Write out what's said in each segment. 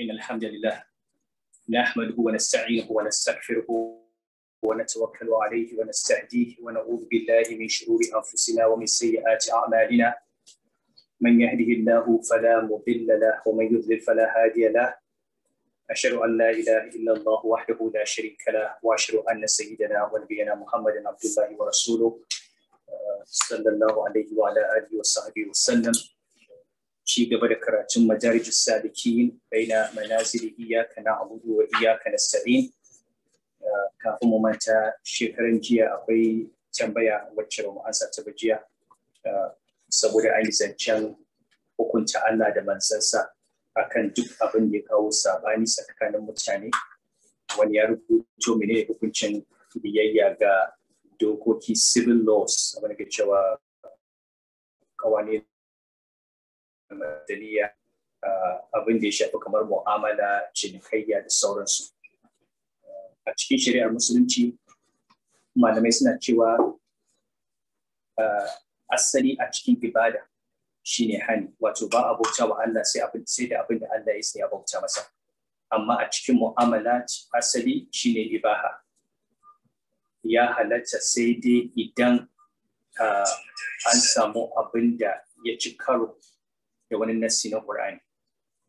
إن الحمد لله نحمده ونستعينه ونستغفره ونتوكل عليه ونستهديه ونعوذ بالله من شرور أنفسنا ومن سيئات أعمالنا من يهده الله فلا مضل له ومن يضلل فلا هادي له أشهد أن لا إله إلا الله وحده لا شريك له وأشهد أن سيدنا ونبينا محمد عبد الله ورسوله آه، صلى الله عليه وعلى آله وصحبه وسلم ci gaba da karatun madarijus salikin baina manazili iyaka na abudu wa iyaka kafin mu manta shekaran jiya akwai tambaya wacce ba mu ansa ta ba jiya saboda an yi zancen hukunta Allah da mansansa akan duk abin da ya kawo sabani tsakanin mutane wani ya rubuto mene hukuncin biyayya ga dokoki civil laws abin da cewa kawane madaniya ah, abin da ya shafi kamar mu'amala cinikayya da sauransu a cikin shari'ar musulunci malamai suna cewa ah, asali a cikin ibada shine hani wato ba a bauta wa Allah sai da abin da Allah ya sai a bauta masa amma a cikin mu'amala asali shine ibaha ya halatta sai dai idan ah, an samu abin da ya ci karo da wani nassi na Qur'ani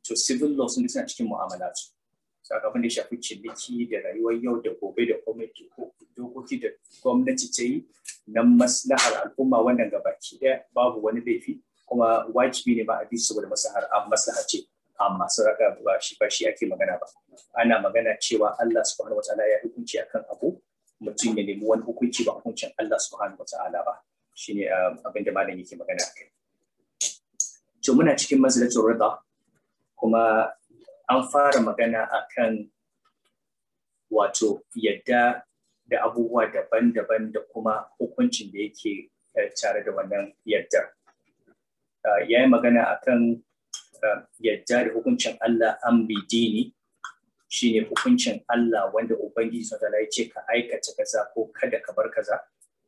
to civil law sun suna cikin mu'amala su sakamakon da shafi ciniki da rayuwar yau da gobe da komai dokoki da gwamnati ta yi na maslahar al'umma wannan baki ɗaya babu wani laifi kuma wajibi ne ba a bi saboda maslahar ce amma raka ba shi ba shi ake magana ba ana magana cewa Allah subhanahu ya hukunci akan abu mutum ya nemi wani hukunci ba hukuncin Allah subhanahu ta'ala ba shine ah, abin da malam yake magana kai to muna cikin mazalatun rida kuma an fara magana akan wato yadda da abubuwa daban-daban da kuma hukuncin da yake eh, tare da wannan yadda ah, ya yi magana kan ah, yadda da hukuncin Allah an bidini shine hukuncin Allah wanda Ubangiji sautala ya ce ka aikata kaza ko kada ka bar kaza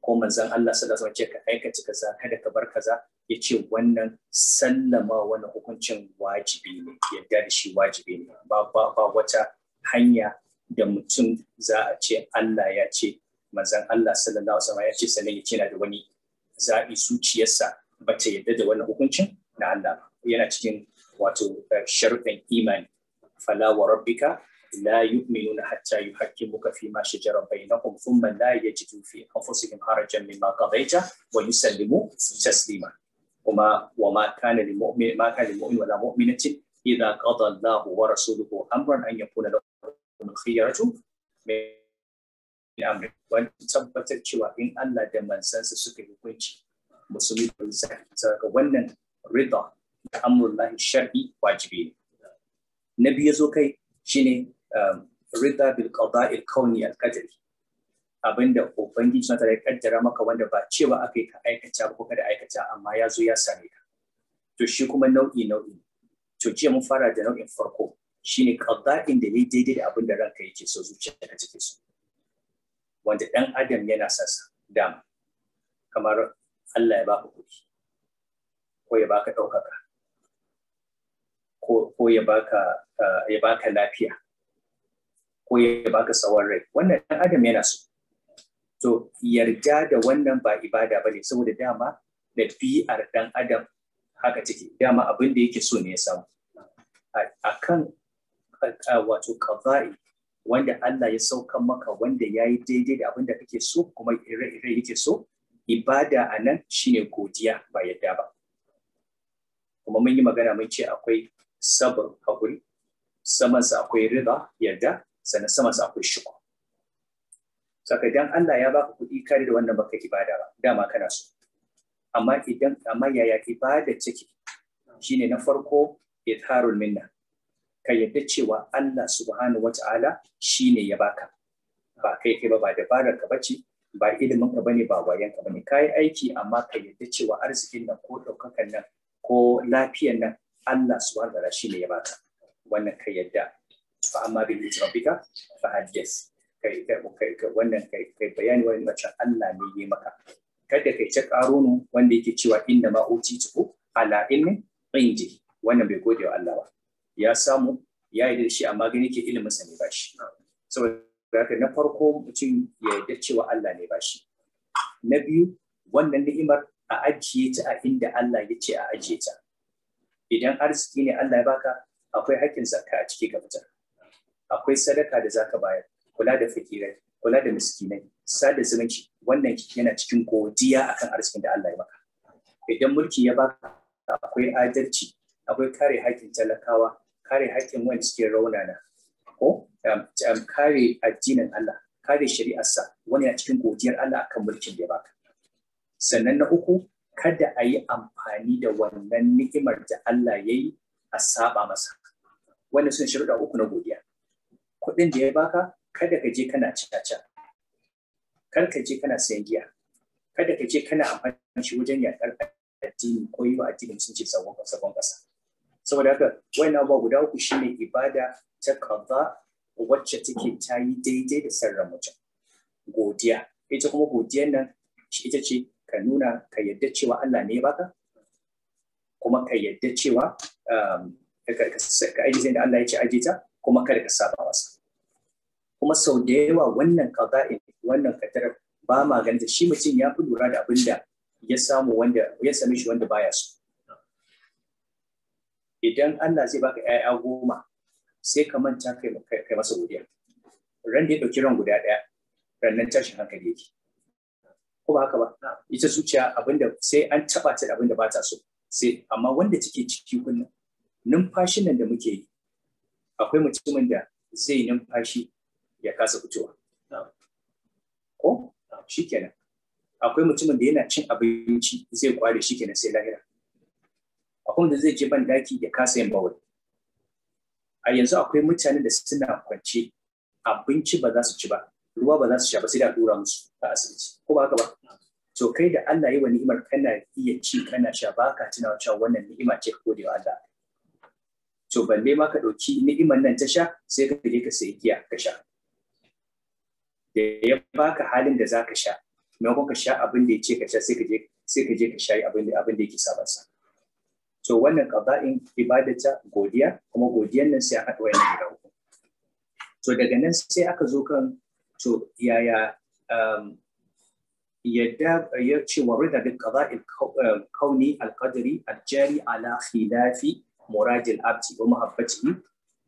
ko manzon Allah sallallahu alaihi wasallam ce ka ci kaza kada ka bar kaza yace wannan sallama wani hukuncin wajibi ne yadda da shi wajibi ne ba ba ba wata hanya da mutum za a ce Allah ya ce manzon Allah sallallahu alaihi wasallam ya ce sannan yake da wani zaɓi zuciyarsa ba ta yadda da wannan hukuncin na Allah yana cikin wato eh, sharuɗin imani fala wa rabbika لا يؤمنون حتى يحكموك فيما شجر بينهم ثم لا يجدوا في انفسهم حرجا مما قضيت ويسلموا تسليما وما وما كان للمؤمن ما كان للمؤمن ولا مؤمنة إذا قضى الله ورسوله أمرا أن يكون لهم الخيرة من أمره وأن تثبت إن الله دمن سنس سكي hukunci musulmi da saka wannan rida da amurullahi shar'i wajibi ne na biyu ya zo kai shine Um, rida bil il kauni al qadari abinda ubangiji na ya kaddara maka wanda ba cewa aka yi ka aikata ba ko kada aikata, amma ya zo ya same ka to shi kuma nau'i nau'i to jiya mun fara da nau'in farko shine in da yayi daidai da abinda ranka yake so zuciya ta take so wanda ɗan adam yana sasa dama kamar Allah ya baka kuɗi ko ya baka ɗaukaka ko ya baka uh, ya baka lafiya ko ya baka tsawon rai wannan dan adam yana so to yarda da wannan ba ibada bane saboda dama da biyar dan adam haka take dama abin da yake so ne ya samu a kan wato kaza'i wanda Allah ya sauka maka wanda ya yi daidai da abinda da kake so kuma ire-ire yake so ibada a nan shine godiya ba yadda ba kuma mun yi magana mun ce akwai sabar hakuri samansa akwai riba yarda sannan sama sa akwai shuku saka idan Allah ya baka kuɗi kare da wannan baka ibada ba dama kana so amma idan amma yaya bada ciki shine na farko itharul minna ka yadda cewa Allah subhanahu wata'ala shine ya baka ba kai kai ba ba dabarar ka bace ba ilimin ka bane ba wayan ka bane kai aiki amma ka yadda cewa arzikin nan ko daukakan nan ko lafiyan nan Allah subhanahu wata'ala shine ya baka wannan ka yadda fa amma bi rabbika fa kai kai kai wannan kai kai bayani wani mace Allah ne yi maka kada kai ta karunu wanda yake cewa inda ma utituhu ala ilmi indi wannan bai gode wa Allah ba ya samu ya yi da shi amma gani ke ilimin sa ne ba shi saboda haka na farko mutum ya yarda cewa Allah ne ba shi na biyu wannan ni'imar a ajiye ta a inda Allah ya ce a ajiye ta idan arziki ne Allah ya baka akwai haƙƙin zakka a ciki ka fitar akwai sadaka da zaka bayar kula da fakirai kula da miskinai sada zumunci wannan yana cikin godiya akan arzikin da Allah ya maka idan mulki ya baka akwai adalci akwai kare haƙƙin talakawa kare haƙƙin wani cikin raunana ko um, um, kare addinin Allah kare shari'arsa wani a cikin godiyar Allah akan mulkin da ya baka sannan na uku kada a yi amfani da wannan ni'imar da Allah ya yi a saba masa wannan sun shirya uku na godiya kuɗin da ya baka kada ka je kana caca kar ka je kana sayan giya kada ka je kana amfani shi wajen yaƙar addini ko yi wa addinin sun ce sabon sabon ƙasa saboda haka wannan abubuwa guda uku shine ibada ta kaza wacce take ta yi daidai da sarra mutum godiya ita kuma godiyan nan ita ce ka nuna ka yadda cewa Allah ne ya baka kuma ka yadda cewa ka zai da Allah ya ce ta kuma kada ka saba masa kuma sau da yawa wannan qada'in wannan katar ba ma ganin shi mutum ya fi lura da abin da ya samu wanda ya same shi wanda baya so idan Allah zai baka ƴaƴa goma sai ka manta kai kai masa godiya ran da ya dauki ran guda ɗaya rannan tashin hankali yake ko ba haka ba ita zuciya abinda sai an taba ta abinda ba ta so sai amma wanda take ciki kullum numfashin nan da muke yi akwai mutumin da zai numfashi ya kasa fitowa ko shikenan akwai mutumin da yana cin abinci zai kware shikenan sai lahira akwai wanda zai je ban daki ya kasa yin bawai a yanzu akwai mutane da suna kwance abinci ba za su ci ba ruwa ba za su sha ba sai da dora musu a asibiti ko ba haka ba to kai da Allah yi wa ni'imar kana iya ci kana sha ba ka tunawa cewa wannan ni'ima ce ka gode wa Allah to balle ma ka ɗauki ni'imar nan ta sha sai ka je ka sayi giya ka sha da ya baka halin da zaka sha maimakon ka sha abin da ya ce ka sha sai ka je sai ka je ka sha abin da abin da yake saba sa to wannan qada'in ibadata godiya kuma godiyan nan sai aka wayan guda rawo to daga nan sai aka zo kan to yaya um, yadda ya ce wa rida bil qada'il um, kauni al qadari al jari ala khilafi Muradil abdi wa muhabbati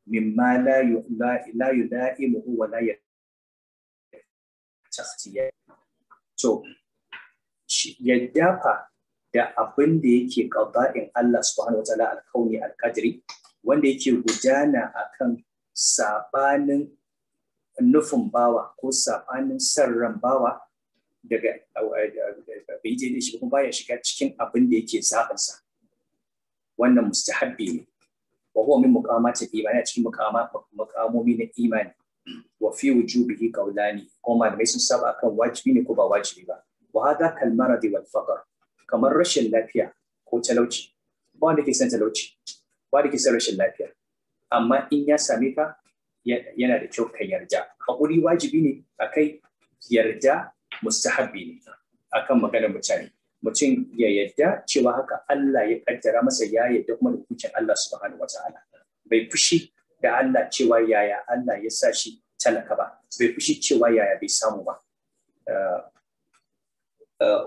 mimma la la yudaimu wa la yatakhtiya to ya dafa da abin da yake qada'in Allah subhanahu wa ta'ala al-kauni wanda yake gudana akan sabanin nufin bawa ko sabanin sarran bawa daga bai je shi kuma baya shiga cikin abin da yake zaɓinsa wannan mustahabbi ne wa huwa min muqamati imani a cikin muqama muqamomi na imani wa fi wujubihi qawlani ko malamai sun saba akan wajibi ne ko ba wajibi ba wa hada kal maradi wal faqr kamar rashin lafiya ko talauci ba wanda ke san talauci ba da ke san rashin lafiya amma in ya same ka yana da kyau ka yarda hakuri wajibi ne akai yarda mustahabbi ne akan maganar mutane mutum ya yarda cewa haka Allah ya kaddara masa ya yarda kuma da hukuncin Allah subhanahu wataala bai fushi da Allah cewa yaya Allah ya sa shi talaka ba bai fushi cewa yaya bai samu ba eh, eh,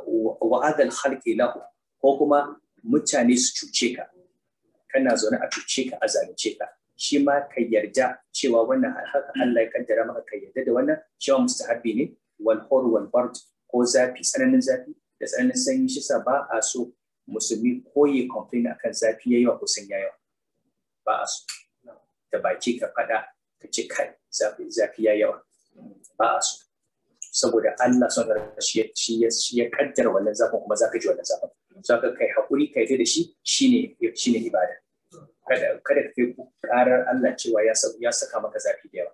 wa adal khalqi lahu ko kuma mutane su cuce ka kana zaune a cuce ka a zalunce ka shi ma ka yarda cewa wannan haka Allah ya kaddara maka ka yarda da wannan cewa mustahabi ne wal hur wal bard ko zafi tsananin zafi da tsananin sanyi shi sa ba a so musulmi ko ya complain akan zafi yayi wa kusan yayi ba a so da baki ka fada ka ce kai zafi zafi yayi yawa ba a so saboda Allah son shi ya shi ya kaddara wannan zafin kuma zaka ji wannan zafin zaka kai hakuri kai da shi shine shine ibada kada kada ka kai karar Allah cewa ya ya saka maka zafi da yawa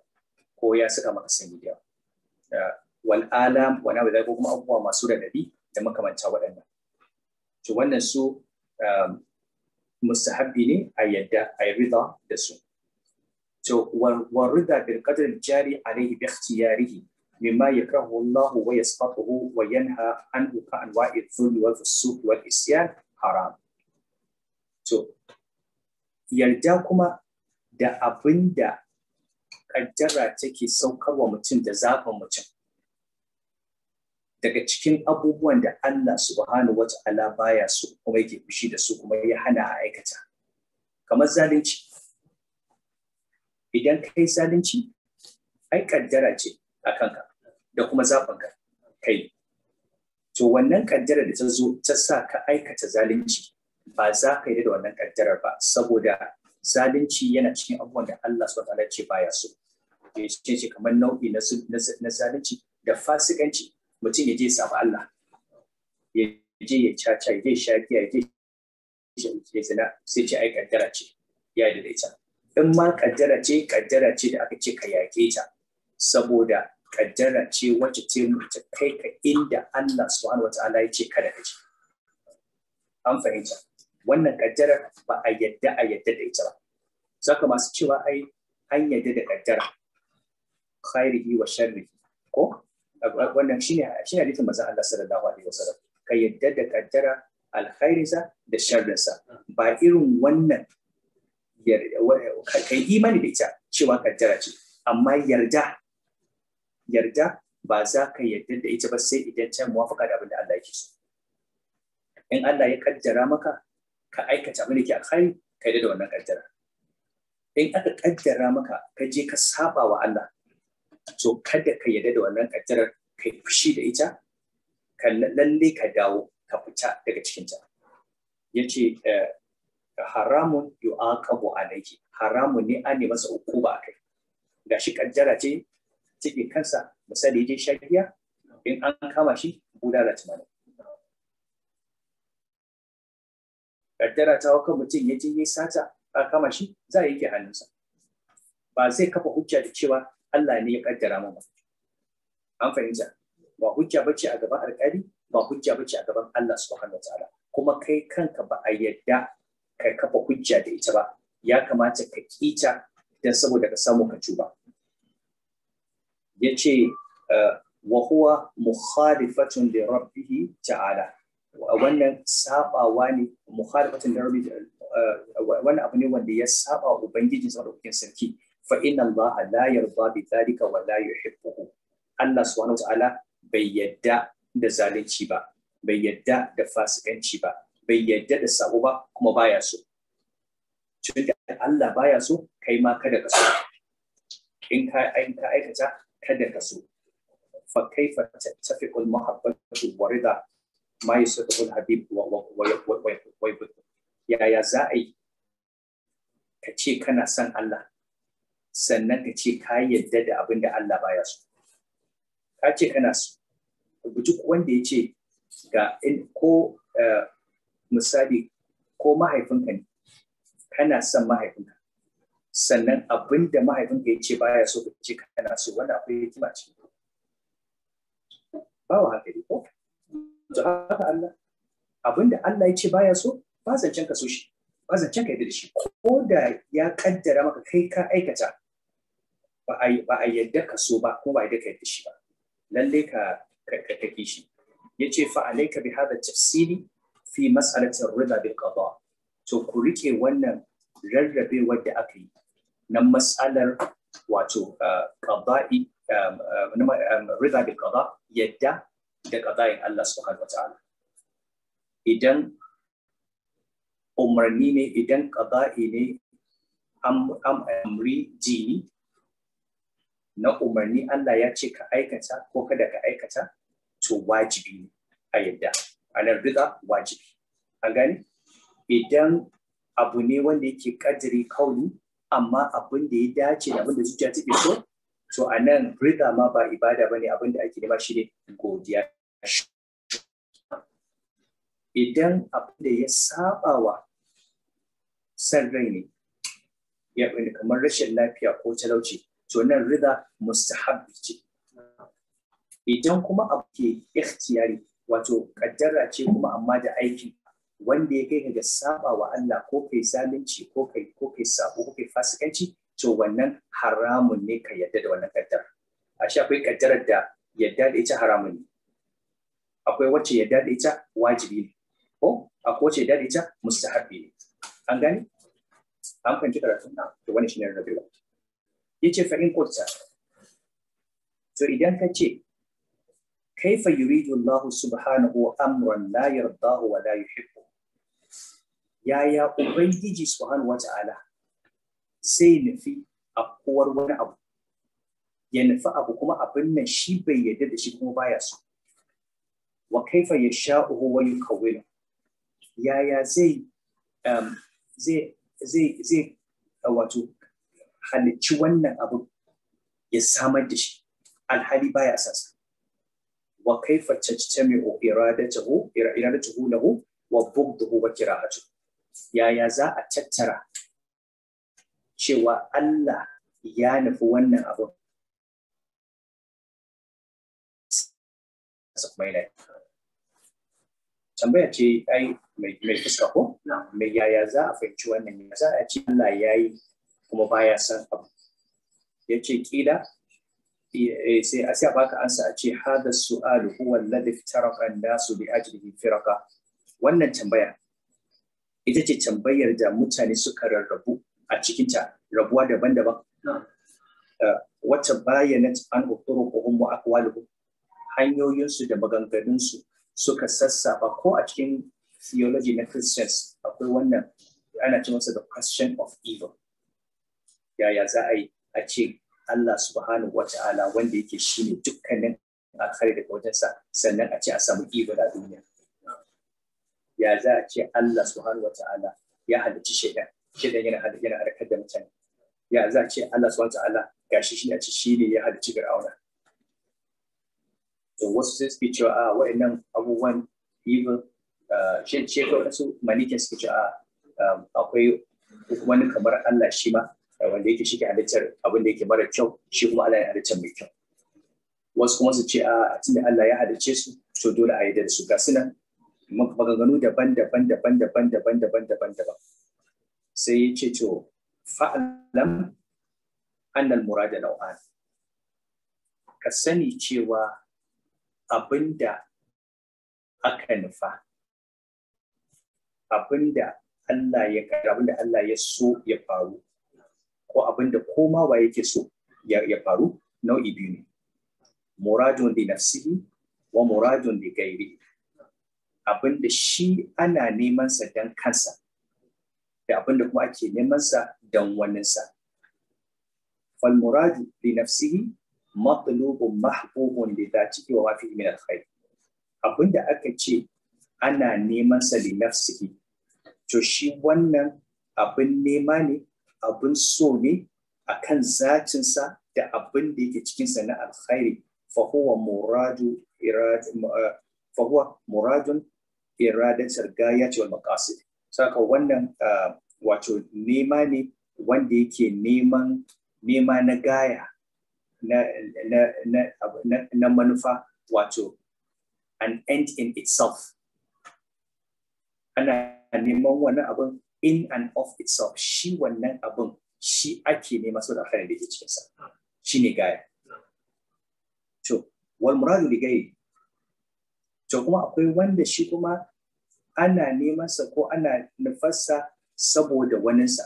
ko ya saka maka sanyi da yawa wal alam wa na da kuma abubuwa masu nabi da makamanta waɗannan to wannan su um, mustahabbi ne a yadda a yi da su to wa rida bil qadr jari alaihi bi ikhtiyarihi mimma yakrahu Allah wa yasfatuhu wa yanha anhu ka anwa'i dhulli wal fusuq wal isyan haram to yarda kuma da abinda kaddara take wa mutum da zafin mutum daga cikin abubuwan da Allah subhanahu wa ta'ala baya su kuma yake fushi da su kuma ya hana a aikata kamar zalunci idan kai zalunci ai kaddara ce a kanka da kuma zafin kai to wannan kaddara da ta zo ta sa ka aikata zalunci ba za ka yi da wannan kaddara ba saboda zalunci yana cikin abubuwan da Allah subhanahu wa ta'ala ce baya so ya ce kamar nau'i na zalunci da fasikanci mutum ya je samu Allah ya je ya caca ya je shafiya ya je ya zina sai ce ai kaddara ce ya da ita in ma kaddara ce kaddara ce da aka ce ka yake ta saboda kaddara ce wacce ce ta kai ka inda Allah subhanahu wataala ya ce kada ka ce. an fahimta wannan kaddara ba a yadda a yadda da ita ba saka masu cewa ai an yadda da kaddara khairihi wa sharrihi ko wannan shine shine hadisin manzon Allah sallallahu alaihi wasallam ka yadda da kaddara alkhairinsa da sharrinsa ba irin wannan kai imani da ita cewa kaddara ce amma yarda yarda ba za ka yarda da ita ba sai idan ta muwafaka da abin da Allah yake so in Allah ya kaddara maka ka aikata abin da ke alkhairi ka yarda da wannan kaddara in aka kaddara maka ka je ka saba wa Allah so kada ka yarda da wannan kaddarar kai yi fushi da ita ka lalle ka dawo ka fita daga cikinta yace eh, haramun a alayki haramun ne an masa kai. akai gashi kaddara ce cikin kansa misali je shagiya in an kama shi da tamanin kaddara ta kan mutum ya je ya sata a kama shi za a yanke hannunsa ba zai kafa hujja da cewa Allah ne ya kaddara mu an fahimta ba hujja bace a gaban alƙali ba hujja bace a gaban Allah subhanahu wataala kuma kai kanka ba a yadda ka kafa hujja da ita ba ya kamata ka kita dan saboda ka samu ka tuba." yace eh, wa huwa mukhalifatun li rabbih ta'ala wannan sabawa ne mukhalifatun li rabbih eh, wannan abu ne wanda ya saba ubangiji saboda sarki fa inna Allah la yarda bi dhalika wa la Allah subhanahu wataala bai yadda da zalunci ba bai yadda da fasikanci ba bai yadda da sabo ba kuma baya so tunda Allah baya so kai ma kada ka so in ka aikata kada ka so fa kaifa tattafiqu al mahabbatu wa rida ma yasduqu habib wa wa wa wa yaya za a yi ka ce kana son Allah sannan ka ce ka yadda da abin da Allah baya so ka ce kana so duk wanda ya ce ga ko eh, misali ko mahaifinka ne kana son mahaifinka sannan abin da mahaifinka ya ce baya so ka ce kana so wanda akwai kima ce ba wa haka ko to haka Allah abin da Allah ya ce baya so ba zancen ka so shi ba zancen ka yi da shi ko da ya kaddara maka kai ka aikata ba a yadda ka so ba ko ba a yadda ka yadda shi ba lalle ka ka take shi yace fa alayka bi hadha tafsiri fi mas'alati ar-ridha bil qada to ku rike wannan rarrabewar da aka yi na mas'alar wato qada'i ridha bil qada yadda da qada'in Allah subhanahu wa ta'ala idan umarni ne idan qada'i ne amri jini na umarni Allah ya ce ka aikata ko kada ka aikata to wajibi ne a yadda anar wajibi an gani idan abu ne wanda yake kadiri kauli amma abin da ya dace da abin da zuciya take so to a nan ma ba ibada bane abin da ake nema shine ne godiya idan abin da ya saba wa san rai ne kamar rashin lafiya ko talauci to nan rida mustahabbi ce idan kuma abu ke ikhtiyari wato kaddara ce kuma amma da aiki wanda ya kai ga saba wa Allah ko kai zalunci ko kai ko kai sabo ko kai fasikanci to wannan haramun ne ka yadda da wannan kaddara a shi akwai kaddarar da yadda da ita haramun ne akwai wacce yadda da ita wajibi ne ko akwai wacce yadda da ita mustahabbi ne an gani an fahimci karatun na to wani shi shine rabewa yace fa in to idan ka ce kaifa yuridu Allah subhanahu amran la yardahu wa la yuhibbu yaya ubangiji subhanahu wa ta'ala sai nufi afkuwar wani abu ya nufi abu kuma abin nan shi bai yarda da shi kuma baya so wa kaifa yasha'uhu wa yukawwinu yaya zai um, zai zai zai wato halicci wannan abu ya samar da shi alhali baya sasa wa kaifa tajtami'u iradatuhu iradatuhu lahu wa bughdhuhu wa ya yaya za a tattara cewa Allah ya nufi wannan abu tambaya ce ai mai fuska ko mai yaya za a fahimci wannan ya za a ce Allah ya yi kuma baya san abu ya ce kila eh, sai a sa baka ansa a ce hada su'alu huwa alladhi taraka an-nasu bi ajlihi firaka wannan tambaya ita ce tambayar da mutane suka rarrabu a cikinta rabuwa daban-daban eh, Wata bayanat an uturuquhum wa hanyoyin hanyoyinsu da maganganunsu suka sassaba ko a cikin theology na Christians akwai wannan ana ce the question of evil yaya za a yi a ce Allah subhanahu Wata'ala wanda yake shi ne dukkanin a kare da wajensa sannan a ce a samu ibar a duniya ya za a ce Allah subhanahu Wata'ala ya halarci shaidan shaidan yana halarci yana harkar da mutane ya za a ce Allah subhanahu Wata'ala ga gashi shi ne a ce shi ne ya halicci fir'auna to wasu sai suke cewa a ah, wa'annan abubuwan evil ah, shi ce kawai su manikin suke cewa ah, akwai wani kamar Allah shi ma wanda yake shi ke halittar abin da yake mara kyau shi kuma Allah ya halittar mai kyau wasu kuma su ce a tunda Allah ya halicce su to dole a yi da su ga suna maganganu daban daban daban daban daban daban daban daban sai ya ce to fa'alam annal murada nau'an ka sani cewa abin da aka nufa da Allah ya da Allah ya so ya faru ko abin da koma wa yake so ya faru nau'i biyu ne muradun li nafsihi wa muradun da gairi abin da shi ana neman sa dan kansa da abin da kuma ake neman sa dan waninsa fal muradu li nafsihi matlubun mahbubun li dhatihi wa ma fihi min al-khair abin da aka ce ana neman sa li nafsihi to shi wannan abin nema ne abin so ne akan zacinsa da abin da yake cikinsa na alkhairi fahuwa muradu eh, fahuwa muradun iradatar gaya ce maqasid saka wannan eh, wato nema ne wanda yake neman nema na gaya na manufa wato an end in itself ana neman wani abin in and of itself shi wannan abin shi ake nema saboda da alkhairin da ke cikinsa shi ne gaya to wal muradu bi gairi to kuma akwai wanda shi kuma ana neman sa ko ana nufarsa saboda waninsa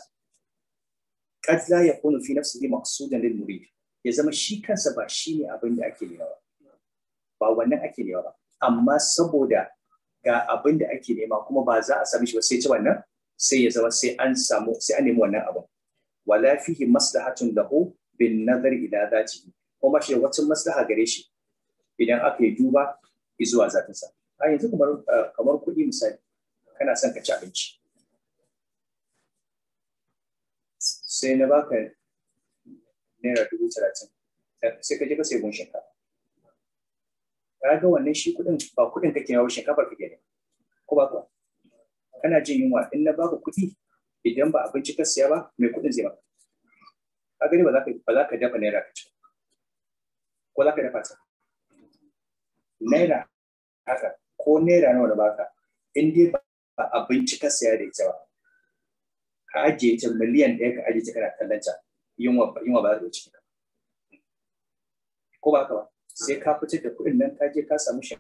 kad la yakunu fi nafsihi maqsudan lil murid ya zama shi kansa ba shi ne abin da ake nema ba wannan ake nema ba amma saboda ga abin da ake nema kuma ba za a sami shi ba sai ci wannan sai ya zama sai an samu sai an nemi wannan abu wala fihi maslahatun lahu bin nazar ila zatihi kuma shi wata maslaha gare shi idan aka yi duba zuwa sa. a yanzu kamar eh, kamar kuɗi misali kana son ka ci abinci sai na baka naira dubu talatin eh, sai ka je ka sai gun shinkafa ka ga wannan shi kuɗin ba kuɗin kake yawo shinkafar kake ne ko ba ka kana jin yunwa in na baka kuɗi idan ba abinci ka siya ba mai kuɗin zai baka ka gani ba za ka dafa naira ka ci ko za ka dafa ta naira haka ko naira nawa da baka in dai ba abinci ka siya da ita ba ka ajiye ta miliyan ɗaya ka ajiye ta kana kallon ta yunwa ba za ta zo ciki ko ba haka ba sai ka fitar da kuɗin nan ka je ka samu shi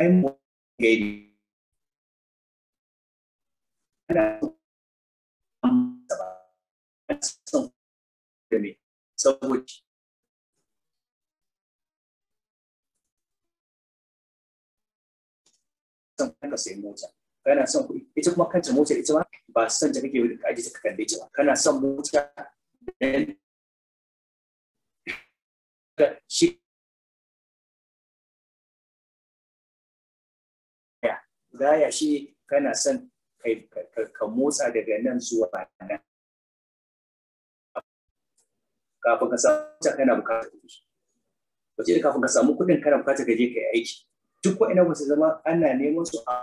I'm engaged. So which son kana sayi mota kana son kuɗi ita kuma kanta mota ita ma ba son ta kake wani kaji ta kalle ita ba kana son mota shi gaya shi kana son ka motsa daga nan zuwa nan kafin ka samu kuɗin kana bukatar kuɗi wace da kafin ka samu kuɗin kana bukatar ka je ka yi aiki duk wa'ina ba su zama ana neman su a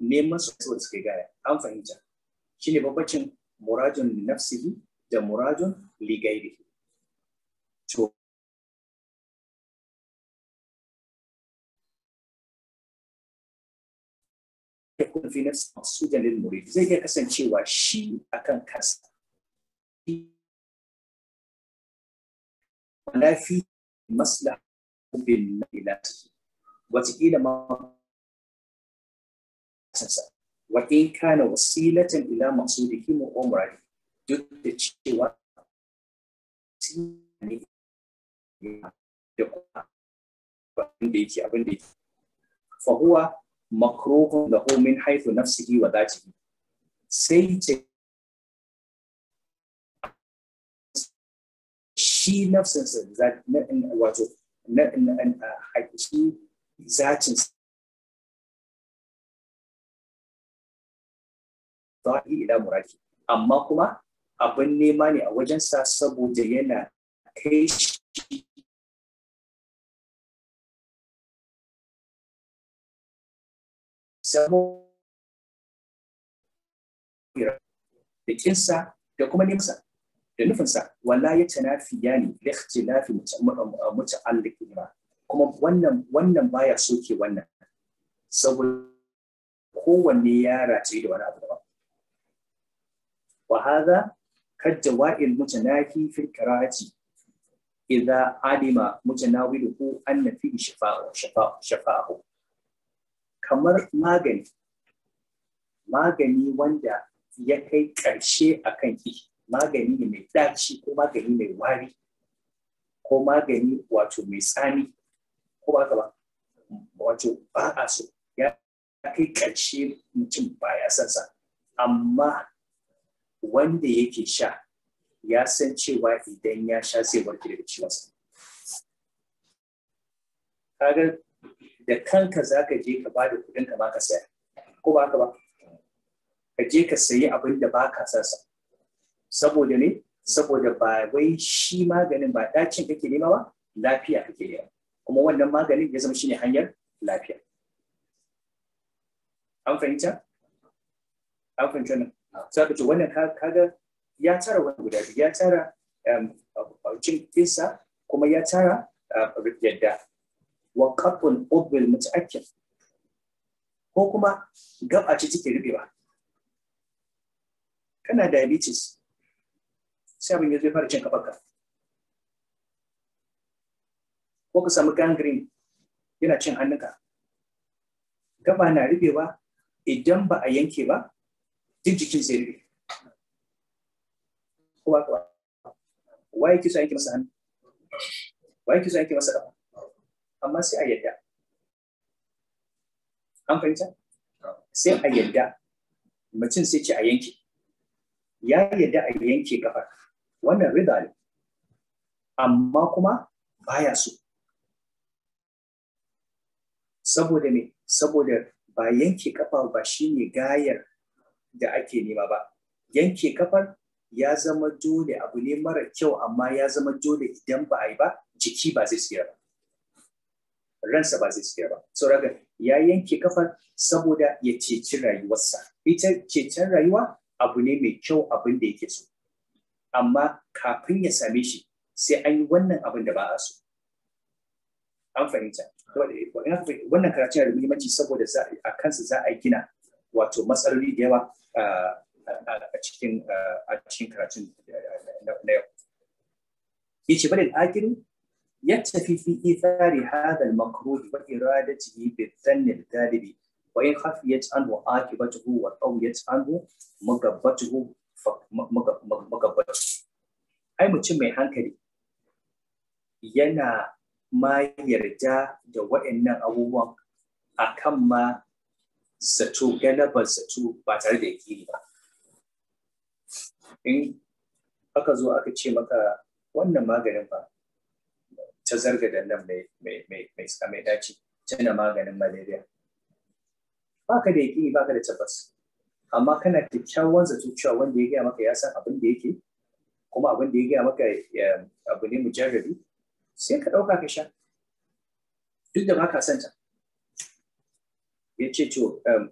neman su da suka gaya an fahimta shine babbacin muradun nafsihi da muradun ligaidihi يكون في نفس مقصودا للمريد zai كان kasancewa shi a kan kasa. kansa na fi masla maslaha bil ilahi wataƙila ma sansa wa in kana wasilatan ila maqsudihi mu umrani duk da cewa da kuma abin da yake abin da yake fa makruhun lahu min haythu nafsihi wa dhatihi sai ce shi nafsinsa wato na shi zatin sa'i ila muraki amma kuma abin nema ne a wajensa saboda yana kai shi saboda da kinsa da kuma nimsa da nufinsa wala ya tanafiya ne da ikhtilafi um, uh, muta'alliqin ba kuma wannan wannan baya soke wannan saboda kowanne ya rataye da wani abu daban wa hadha kad jawa'il mutanaki fil qira'ati idza alima mutanawilu anna fihi shafa'u shafa'u shafa'u kamar magani magani wanda ya kai ƙarshe a kan ki magani mai ɗaci ko magani mai wari ko magani wato mai tsami ko ba ba wato ba a so ya kai ƙarshe mutum ba ya sansa, amma wanda yake sha ya san cewa idan ya sha zai warke daga ciwon sa kaga da kanka za ka je ka bada kudin ka baka ka saya ko ba ka ba ka je ka sayi abin da ba ka sa saboda ne saboda ba wai shi maganin ba dacin kake nema ba lafiya kake nema kuma wannan maganin ya zama shine hanyar lafiya an fahimta an fahimta nan za ka ce wannan kaga ya tara wani guda biyu ya tara um, cin kinsa kuma ya tara um, yadda wa qat'ul udbil muta'akkil ko kuma gaba ce take rubewa kana diabetes sai abin ya fara cin kafarka ko ka samu gangrene yana cin hannunka gaba na rubewa idan ba a yanke ba duk jikin zai rube kowa kowa waye kisa yanke masa hannu waye kisa yanke masa kafa amma sai a yadda an fahimta sai a yadda mutum sai ce a yanke ya yadda a yanke gafar wannan rida ne amma kuma baya so saboda me saboda ba yanke kafa ba shine gayar da ake nema ba yanke kafar ya zama dole abu ne mara kyau amma ya zama dole idan ba a yi ba jiki ba zai tsira ba ransa ba zai tsira ba saboda ya yanke kafa saboda ya ceci rayuwarsa ita cecen rayuwa abu ne mai kyau abin da yake so amma kafin ya same shi sai an yi wannan abin da ba a so an fahimta wannan karatun da muhimmanci saboda a kansa za a gina wato matsaloli da yawa a cikin karatun eh, na yau yace balil akiru يكتفي في إيثار هذا المكروه وإرادته بالثن الغالب وإن خفيت عنه عاقبته وطويت عنه مقبته مقبته أي متشم هنكلي yana ma yarda da waɗannan abubuwan a kan ma zato galabar zato ba tare da yakini ba in aka zo aka ce maka wannan maganin ba ta zarga nan mai daci tana maganin malaria baka da yaƙini baka da tabbas amma kana kyakkyawan zato cewa wanda ya gaya maka ya san abin da yake kuma abin da ya gaya maka abu ne mujarrabi sai ka ɗauka ka sha duk da baka san ta ya ce to um,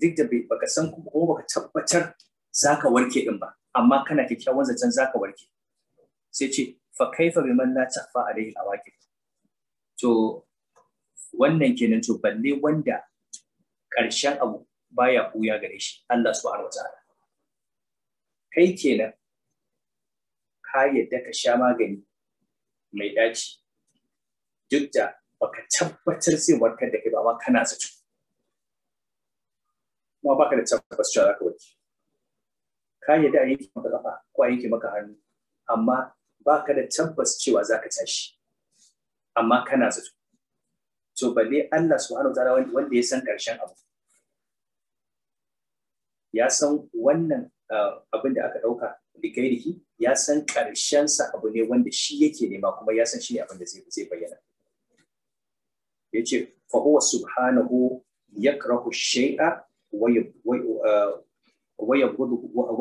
duk da baka san ba baka tabbatar zaka warke din ba amma kana kyakkyawan zaton zaka warke sai ce fa kaifa biman la takfa alaihi alawaqib to wannan kenan to balle wanda ƙarshen abu baya buya gare shi Allah subhanahu wataala kai kenan ka yadda ka sha magani mai daci duk da baka tabbatar sai warkar da kai ba amma kana zato kuma baka da tabbas cewa zaka warke ka yadda a yanke maka kafa ko a yanke maka hannu amma ba ka da tabbas cewa za ka tashi amma kana zato so balle Allah subhanahu wataala wanda ya san karshen abu ya san wannan ah, abin da aka ɗauka likairiki ya san ƙarshen sa abu ne wanda shi yake nema kuma ya san shi ne abin da zai bayyana ya ce fa huwa subhanahu yakrahu wayan gudu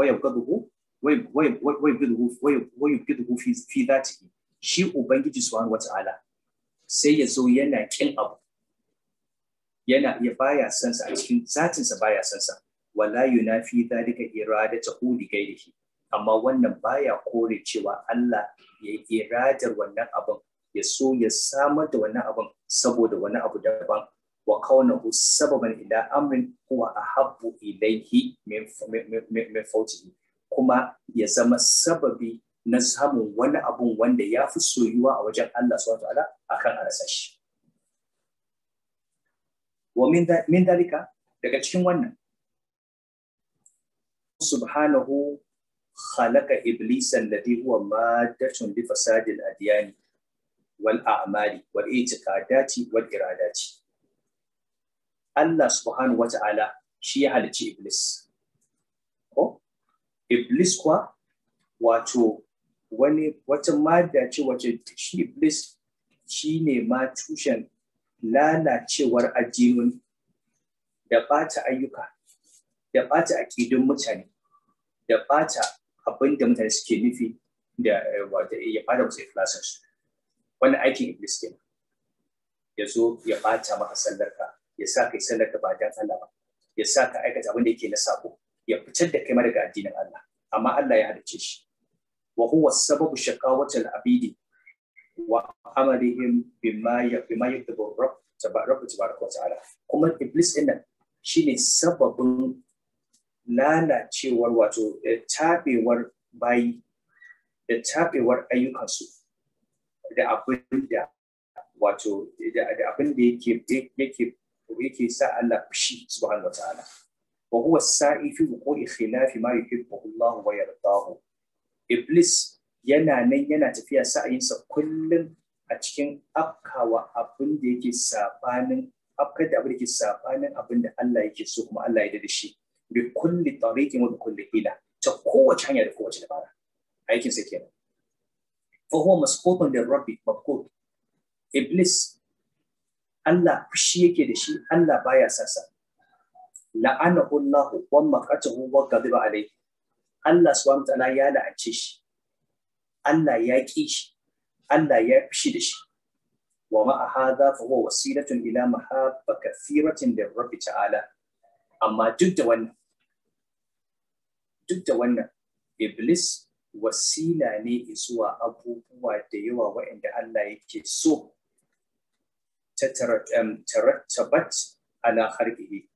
yabghaduhu wayubidhu fi zatihi shi ubangiji subhanahu wata'ala sai ya zo yana kin abu yana ya baya san sa a cikin zatin sa baya san sa wala yunafi zalika iradatu li ghairihi amma wannan baya kore cewa Allah ya iradar wannan abin ya so ya samar da wannan abin saboda wani abu daban wa kaunahu sababan ila amrin huwa ahabbu ilayhi min min min kuma ya zama sababi na samun wani abun wanda ya fi soyuwa a wajen Allah subhanahu wataala akan a rasa shi wa min dalika daga cikin wannan subhanahu khalaqa iblisa alladhi huwa maddatun li fasadil adyani wal a'mali wal i'tiqadati wal iradati Allah subhanahu wata'ala shi ya halicci iblis Iblis kuwa wato wani wata mada ce wace shi Iblis shi ne ma tushen lalacewar addinin da ɓata ayyuka da ɓata aƙidun mutane da ɓata abin da mutane suke nufi da eh, ya fara musu ikilasinsu wani aikin iblis ke ya zo ya ɓata maka sallarka ya sa ka yi sallarka ba da Allah ba ya sa ka aikata abin da yake na sako ya fitar da kai daga addinin Allah amma Allah ya halice shi wa huwa sababu shaqawatil abidi wa amalihim bima ya bima yaktubu rabb tabaraka tabaraka ta'ala kuma iblis din nan shine sababin lalacewar wato eh, tabewar bayi da tabewar ayyukansu da abin da wato da abin da yake yake yake sa Allah fushi subhanahu wa ta'ala wa huwa sa'i fi wuqu'i khilafi ma yuhibbu Allah wa yardahu iblis yana nan yana tafiya sa'ayinsa kullum a cikin afkawa abin da yake sabanin afkar da abin da yake sabanin abin da Allah yake so kuma Allah ya da shi bi kulli tariqin wa bi kulli ta kowace hanya da kowace dabara aikin sa kenan fa huwa masqutun lir rabbi mabqut iblis Allah fushi yake da shi Allah baya sasa la'anahu Allah wa maqatahu wa ghadiba alayhi Allah subhanahu ta'ala ya la'ace shi Allah ya ki shi Allah ya fishi da shi wa ma hadha fa huwa wasilatun ila mahabba kathiratin lir rabbi ta'ala amma duk da wannan duk da wannan iblis wasila ne zuwa abubuwa da yawa waɗanda Allah yake so ta tarattabat ala harbihi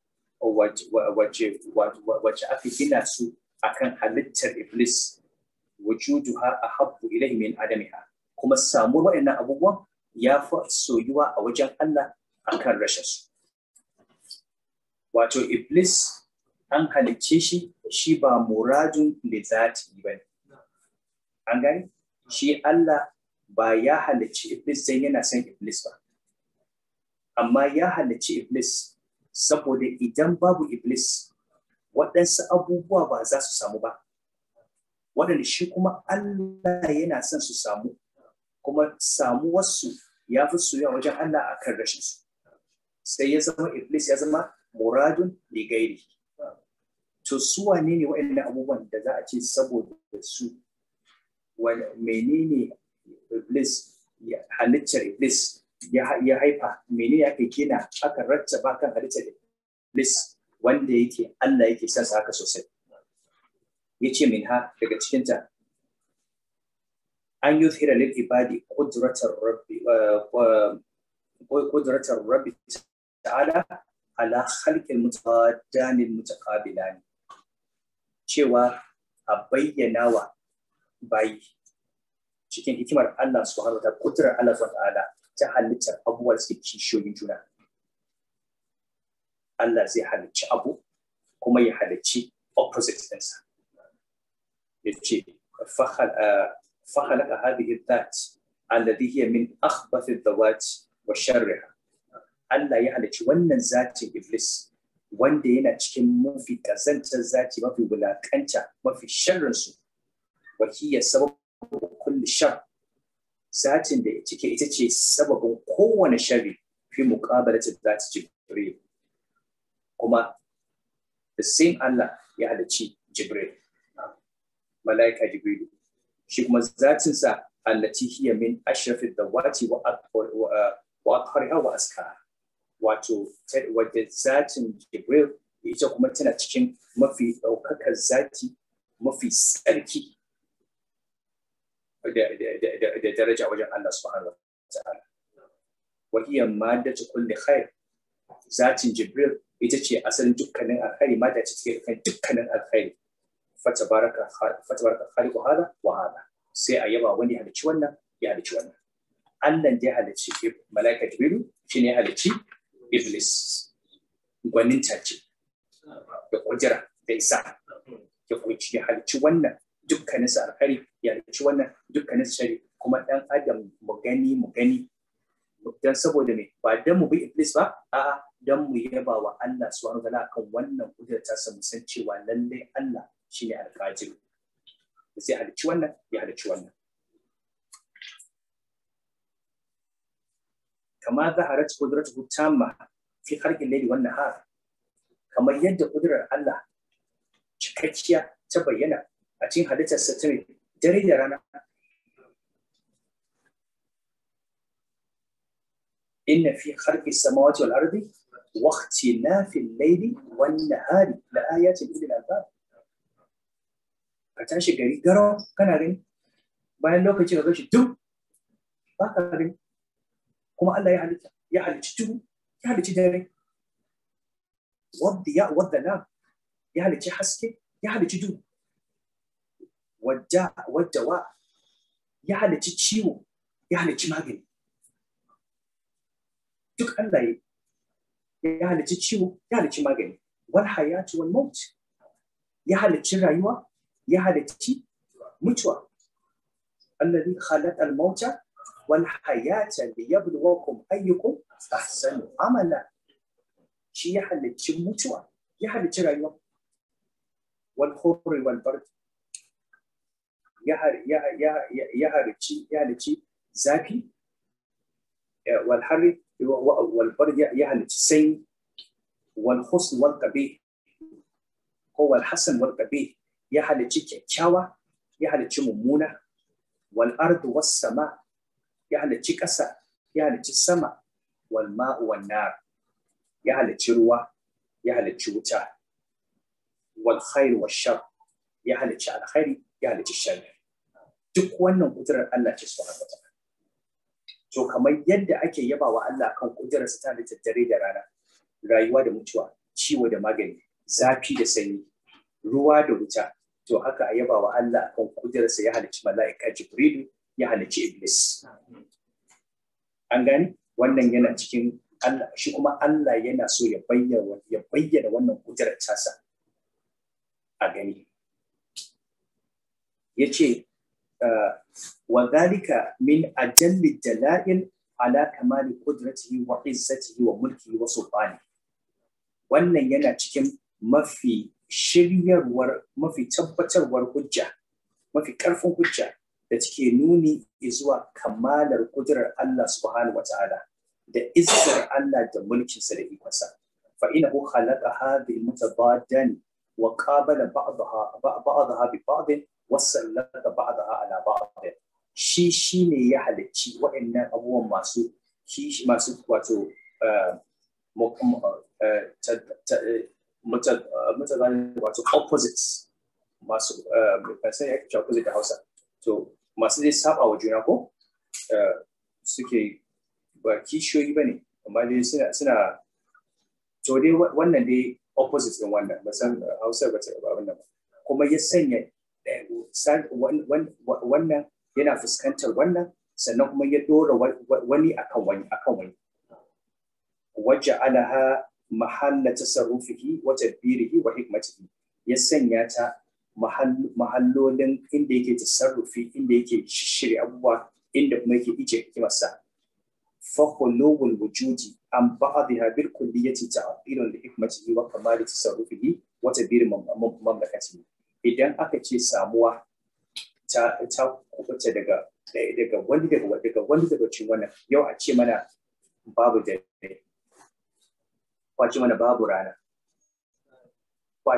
wace aka gina su akan halittar iblis wujuduha ahabbu ilayhi min adamiha kuma samu waɗannan abubuwan ya fi soyuwa a wajen Allah akan rashin su wato iblis an halicce shi shi ba muradun da ba an gani shi Allah ba ya halicci iblis zai yana son iblis ba amma ya halicci iblis saboda idan babu iblis waɗansu abubuwa ba za su samu ba waɗanda shi kuma Allah yana son su samu kuma samu wasu ya fi soyuwa wajen Allah a kan rashin su sai ya zama iblis ya zama muradun gairi to su wane ne waɗannan abubuwan da za a ce saboda su menene iblis halittar iblis ya haifa mene ya kai kina aka rattaba kan halitta iblis wanda yake Allah yake sa haka sosai yace min ha daga cikin ta an yuthira lil ibadi kudratar rabbi kudratar eh, eh, rabbi ta'ala ala khalqil mutaddanil mutaqabilani cewa a bayyana wa bayi cikin hikimar Allah subhanahu wa ta'ala kudratar Allah subhanahu wa ta'ala ta halittar abubuwa da suke kishiyoyin juna Allah zai halicci abu kuma ya halicci opposite ɗinsa ya ce fahalaka eh, hadhihi dhat alladhi hiya min akhbath dawat wa sharriha Allah ya halicci wannan zatin iblis wanda yana cikin mafi kazantar zati mafi wulaƙanta mafi sharrinsu wa hiya sababu kulli shar zatin da cike ita ce sababin kowane shari fi muqabalati zati jibril kuma the same Allah ya halicci jibril malaika jibril shi kuma zatinsa allati hiya min ashrafid dawati wa wa athariha wa aska wato wadda zatin jibril ita kuma tana cikin mafi ɗaukakar zati mafi tsarki da daraja wajen Allah subhanahu wa ta'ala wa hiya maddatu kulli khair zatin jibril ita ce asalin dukkanin alkhairi mata ce take kan dukkanin alkhairi fatabaraka fatabaraka khaliqu hada wa hada sai a yaba wani halici wannan ya halici wannan Allah da ya halicci malaika jibril shine ya halicci iblis gwanin tace da kujira da isa ya halici wannan dukkanin su alkhairi ya ci wannan dukkanin su shari kuma dan adam mu gani mu gani dan saboda me ba dan mu bi iblis ba a'a dan mu yaba wa Allah subhanahu wa kan wannan kudurta sa mu san cewa lalle Allah shine alkajir sai halicci wannan ya halicci wannan kama zaharat kudrat tamma fi kharqil layli wannan nahar kamar yadda kudurar Allah cikakkiya ta bayyana a cikin halittar sa ta dare da rana inna fi khalqi samawati wal ardi wa ikhtilafi al-layli wan nahari la ayatin lil albab ka tashi gari garo kana gani bayan lokaci ka gashi duk ba ka gani kuma Allah ya halitta ya halicci duhu ya halicci dare wadda ya wadda na ya halicci haske ya halicci duhu والداء والدواء ya halicci ciwo ya halicci magani duk Allah ya halicci ciwo ya halicci magani wal hayatu wal maut ya halicci rayuwa ya halicci mutuwa alladhi khalaqa al mauta wal hayata liyabluwakum ayyukum ahsanu amala shi ya halicci mutuwa ya halicci rayuwa wal khurri wal bardi ya halici zafi wal harri wal bar ya halici sanyi wal husn wal qabih ko wal hasan wal qabih ya halici kyakkyawa ya halici mummuna wal ardu was sama ya halici ƙasa ya halici sama wal ma'u wan nar ya halici ruwa ya halici wuta wal khair wal shar ya halici alkhairi ya halici sharri duk wannan kudurar Allah ce su to kamar yadda ake yaba wa Allah kan kudurar ta da tattare da rana rayuwa da mutuwa ciwo da magani zafi da sanyi ruwa da wuta to haka a yaba wa Allah kan kudirarsa ya halici mala'ika Jibrilu ya halici Iblis. An gani wannan yana cikin Allah shi kuma Allah yana so ya bayyana ya bayyana wannan kudirar tasa a gani. Ya ce wa dhalika min ajalli dalail ala kamali qudratihi wa izzatihi wa mulki wa wannan yana cikin mafi shiryarwar mafi tabbatarwar hujja mafi karfin hujja da take nuni zuwa kamalar kudurar Allah subhanahu wataala da izzar Allah da mulkinsa da ikonsa fa innahu khalaqa hadhihi mutadaddan wa qabala ba'daha ba'daha bi ba'd wasallata ba'daha ala ba'd shi shine ya halicci waɗannan abubuwan masu kishi masu wato eh, eh, mutazani wato opposites masu sai ya kici opposite da Hausa to masu zai saba wa juna ko eh, suke ba kishiyoyi bane amma dai suna suna to dai wannan dai opposite din wannan ba san Hausa ba ta ba wannan kuma ya sanya wannan yana fuskantar wannan sannan kuma ya dora wani akan wani akan wani wajja alaha mahalla tasarrufihi wa tadbirihi wa hikmatihi ya sanya ta mahallolin inda yake tasarrufi inda yake shirya abubuwa inda kuma yake ije hikimarsa fa khulul wujudi an ba'dha bil kulliyati da li hikmatihi wa kamali tasarrufihi wa tadbir mamlakatihi idan aka ce samuwa ta ta kubuce daga daga wani daga daga wani daga cikin wannan yau a ce mana babu dare ce mana babu rana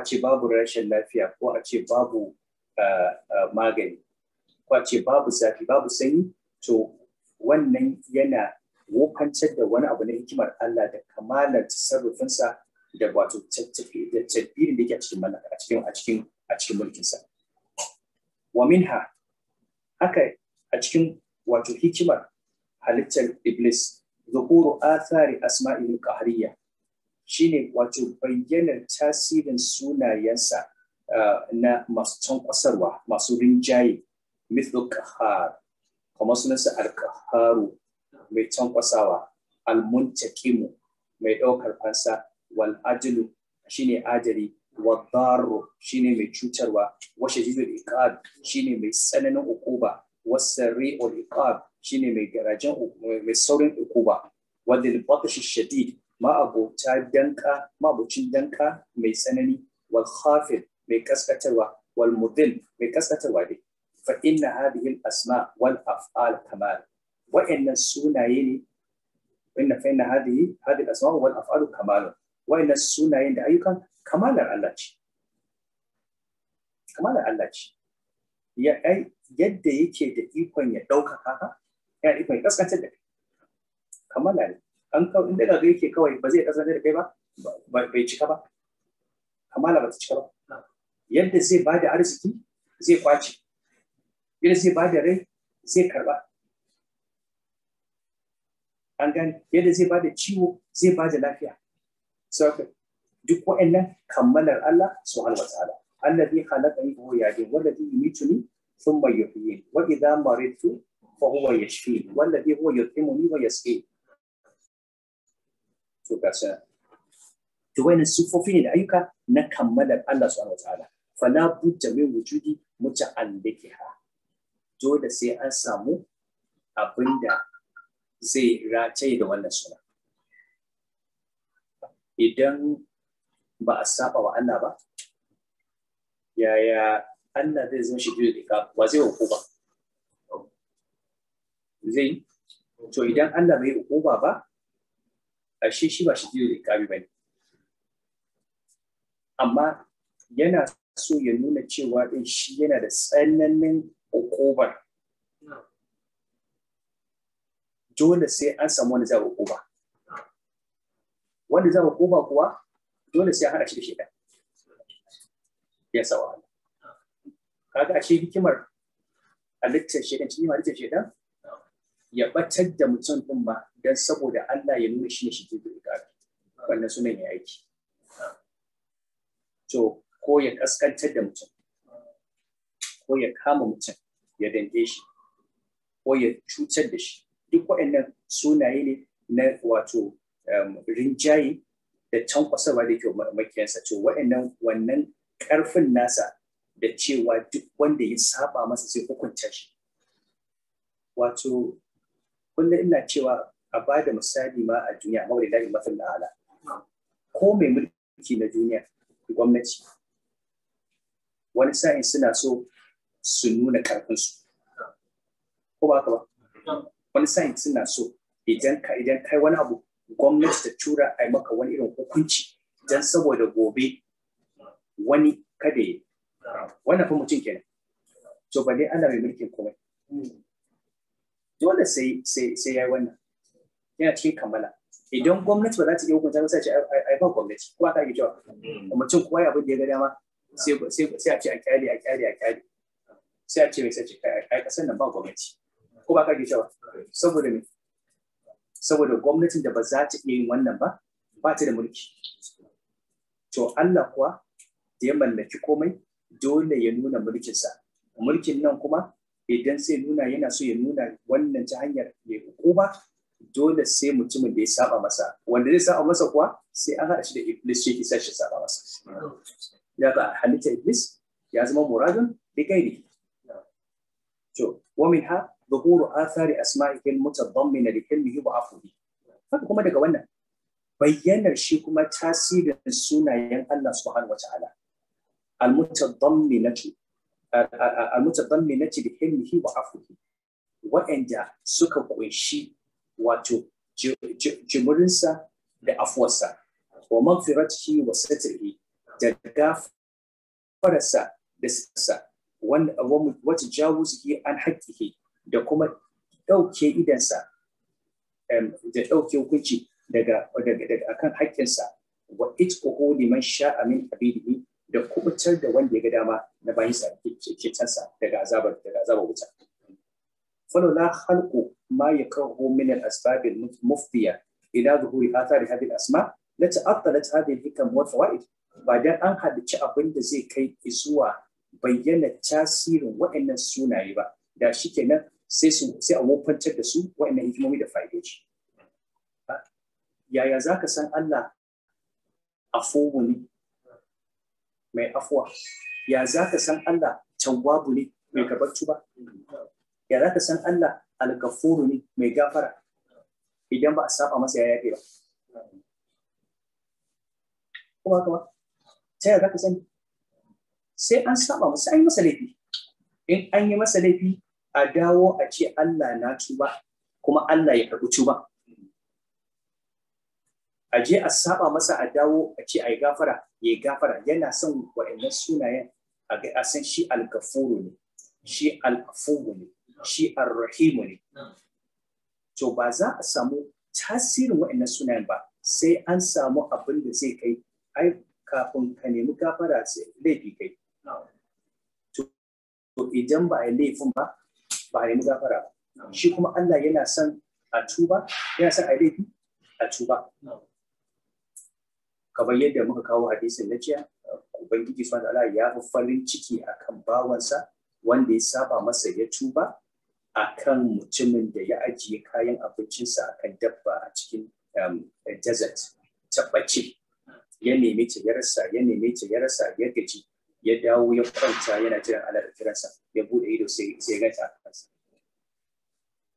ce babu rashin lafiya ko a ce babu magani ce babu zafi babu sanyi to wannan yana wokancar da wani abu na hikimar Allah da kamalar sarrafinsa da wato tattafi da tadbirin da yake a cikin a cikin a cikin a cikin mulkinsa wa minha haka a cikin wato hikimar halittar iblis zuhuru athari asma'il qahriyya shine wato bayyanar tasirin sunayensa ah, na masu tankwasarwa masu rinjaye mithlu kahar kuma sunansa alkaharu mai tankwasawa almuntakimu mai ɗaukar fansa wal ajilu shine ajali wa shi ne mai cutarwa wa shadidul iqab ne mai tsananin ukuba wa sari'ul iqab shine mai garajen mai saurin ukuba wa dil batsh shadid ma abota danka ma danka mai tsanani wal khafid mai kaskatarwa wal mudil mai kaskatarwa dai fa inna hadhihi al asma wal af'al kamal wa'annan sunaye ne inna fa inna hadhihi hadhihi al asma wal af'al kamal sunayen da ayyukan kamalar Allah ce kamalar Allah ce yadda yake da ikon ya ɗaukaka ka ya ikon ya ƙasƙantar da kai kamala ne an kawo inda gaga yake kawai ba zai ƙasƙantar da kai ba bai cika ba kamala ba ta cika ba yadda zai ba da arziki zai kwace yadda zai ba da rai zai karba an gani yadda zai ba da ciwo zai ba da lafiya sauka duk wa'annan kammalar Allah subhanahu wataala alladhi khalaqani wa fa huwa huwa wa to to sifofi ne da ayyuka na kammalar Allah subhanahu wataala fala budda min wujudi muta'alliqiha dole sai an samu abinda zai rataye da wannan suna idan ba a saba wa Allah ba yaya Allah zai zama shi biyu da wa zai ba? zai to idan Allah bai hukuma ba a shi shi ba shi biyu da ba ne amma yana so ya nuna cewa din shi yana da tsananin hukubar dole sai an samu wani zai hukuma wanda zai hukuma kuwa dole sai hada shi da ya sawa kaga ashe hikimar halittar shaidan cikin halittar shaidan ya batar da mutum din ba don saboda Allah ya nuna shi ne shi ke da wannan sunan ya aiki to ko ya kaskantar da mutum ko ya kama mutum ya dande shi ko ya cutar da shi duk waɗannan sunaye ne na wato um, rinjaye da can cankwasarwa da yake makiyansa ce wa'annan wannan karfin nasa da cewa duk wanda ya saba masa sai hukunta shi wato kullum ina cewa a ba da misali ma a duniya maurin da mafi la'ala ko mai mulki na duniya gwamnati wani sa'in suna so su nuna karfinsu ko ba ka ba mm. wani sa'in suna so idan ka idan kai wani abu gwamnati ta tura a yi maka wani irin hukunci don saboda gobe wani kada ya wannan fa mutum kenan to ba dai ana mai mulkin komai dole sai sai sai yayi wannan yana cikin kammala idan gwamnati ba za ta iya hukunta ba sai ce ai ba gwamnati ko aka yi cewa mutum kowa ya bude ya ga dama sai sai a ce a kyale a kyale a kyale sai a ce mai sai a ce ai kasan nan ba gwamnati ko ba ka yi cewa saboda me saboda gwamnatin da ba za ta iya yin wannan ba ba ta da mulki to Allah kuwa da ya mallaki komai dole ya nuna mulkinsa mulkin nan kuma idan sai nuna yana so ya nuna wannan ta hanyar mai hukuma dole sai mutumin da ya saba masa wanda zai saba masa kuwa sai an haɗa shi da iblis shi sa shi saba masa ya ga halitta iblis ya zama muradun da gairi to wa min ha ظهور آثار أسمائه المتضمنة لحلمه وعفوه haka kuma daga wannan bayyanar shi kuma tasirin sunayen Allah subhanahu wataala almutadamminatu almutadamminati bihilmihi wa afwihi wa'anda suka ƙunshi wato jimurinsa da afuwarsa wa magfiratihi wa satrihi da gafararsa da sassa wata an haƙƙihi da kuma ɗauke idansa da ɗauke hukunci daga akan haƙƙinsa wa itquhu liman sha'a min abidihi da kubutar da wanda ya ga dama na bayansa kitansa daga azabar daga azabar wuta falola halku ma yakrahu min al-asbab ila zuhuri athari hadhihi al-asma la ta'attalat hadhihi hikam ba dan an haɗaci abin da zai kai zuwa bayyana tasirin waɗannan sunaye ba da shi kenan sai su sai a wofantar da su waɗannan hikimomi da fa'idoji yaya za ka san Allah afuwu ne mai afuwa ya za ka san Allah tawwabu ne mai gabatu ba ya za ka san Allah alkafuru ne mai gafara idan ba a saba masa yaya yaɗe ba kuma kuma ta yaya za ka sani sai an saba masa an yi masa laifi in an yi masa laifi a dawo a ce Allah na tuba kuma Allah ya karɓi tuba a je a saba masa a dawo a ce a yi gafara ya yi gafara yana son waɗannan sunayen a ga a san shi alkafuru ne shi al'afuwu ne shi al-Rahimu ne to ba za a samu tasirin waɗannan sunayen ba sai an samu abin da zai kai ai kafin ka nemi gafara sai laifi kai to idan ba a laifin ba ba zafara shi kuma Allah yana son a tuba yana son a laifi a tuba kamar yadda muka kawo hadisin na jiya ubangiji subhanahu Allah ya fi farin ciki akan bawansa wanda ya saba masa ya tuba akan mutumin da ya ajiye kayan abincinsa akan dabba a cikin um, desert tabbaci ya neme ta ya rasa ya neme ta ya rasa ya gaji ya dawo ya kwanta yana jiran alar kiransa ya bude ido sai sai ga ta kansa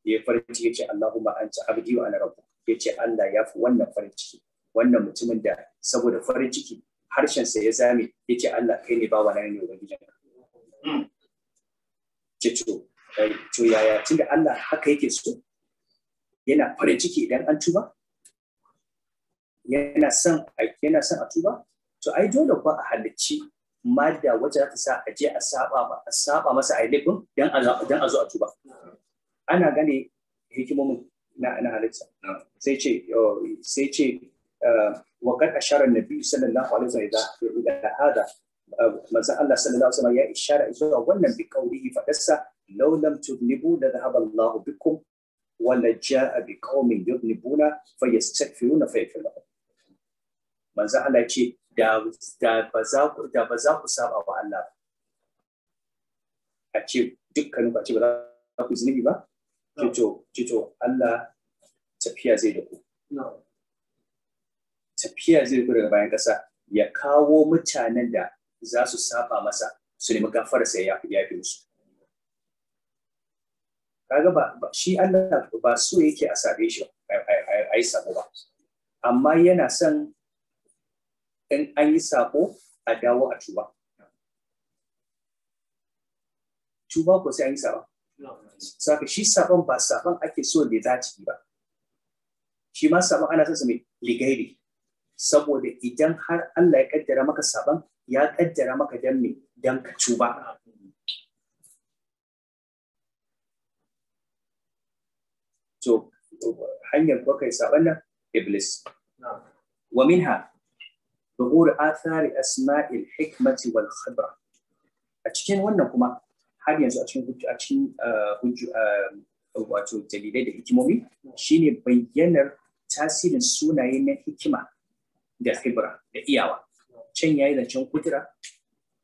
ya farci yace Allahumma anta abdi wa ana rabbuk yace Allah ya fi wannan farin ciki wannan mutumin da saboda farin ciki harshen sa ya zame yace Allah kai ne bawa na ne ubangijin hmm. ce to to yaya tunda Allah haka yake so yana farin ciki idan an tuba yana son yana son a tuba to ai dole ko a halicci madda wacce za ta sa a je a saba masa a yi laifin don a zo a tuba ana gane hikimomin na na halitta sai ce oh, sai ce eh, wa kad ashara annabi sallallahu alaihi wasallam da hada manzo Allah sallallahu alaihi wasallam ya ishara zuwa wannan bi qawlihi fa dassa law lam tudnibu la dhahaba Allah bikum wa la jaa bi qaumin yudnibuna fayastaghfiruna fayaghfir lahum manzo Allah ce da ba za ku saba wa Allah ba? a ce dukkan ba ce ba za ku zunubi ba cito cito Allah tafiya zai da ku tafiya zai ku daga bayan ƙasa ya kawo mutanen da za su saba masa su nemi gafara sai ya ya fi musu kaga ba shi Allah ba so yake a sabe shi a yi sabo ba amma yana son in an yi sabo a dawo a tuba tuba ko sai an yi sabo saka shi sabon ba sabon ake so da za ciki ba shi ma sabon ana sasa mai ligairi saboda idan har Allah ya kaddara maka saɓan, ya kaddara maka dan mai dan ka tuba to hanyar kuwa kai saɓan nan iblis wa minha ظهور athari asma'il hikmati wal khibra a cikin wannan kuma har yanzu a cikin a cikin uh, uh, wato dalilai da hikimomi shine bayyanar tasirin sunaye na hikima da khibra da iyawa can yayi da can kudura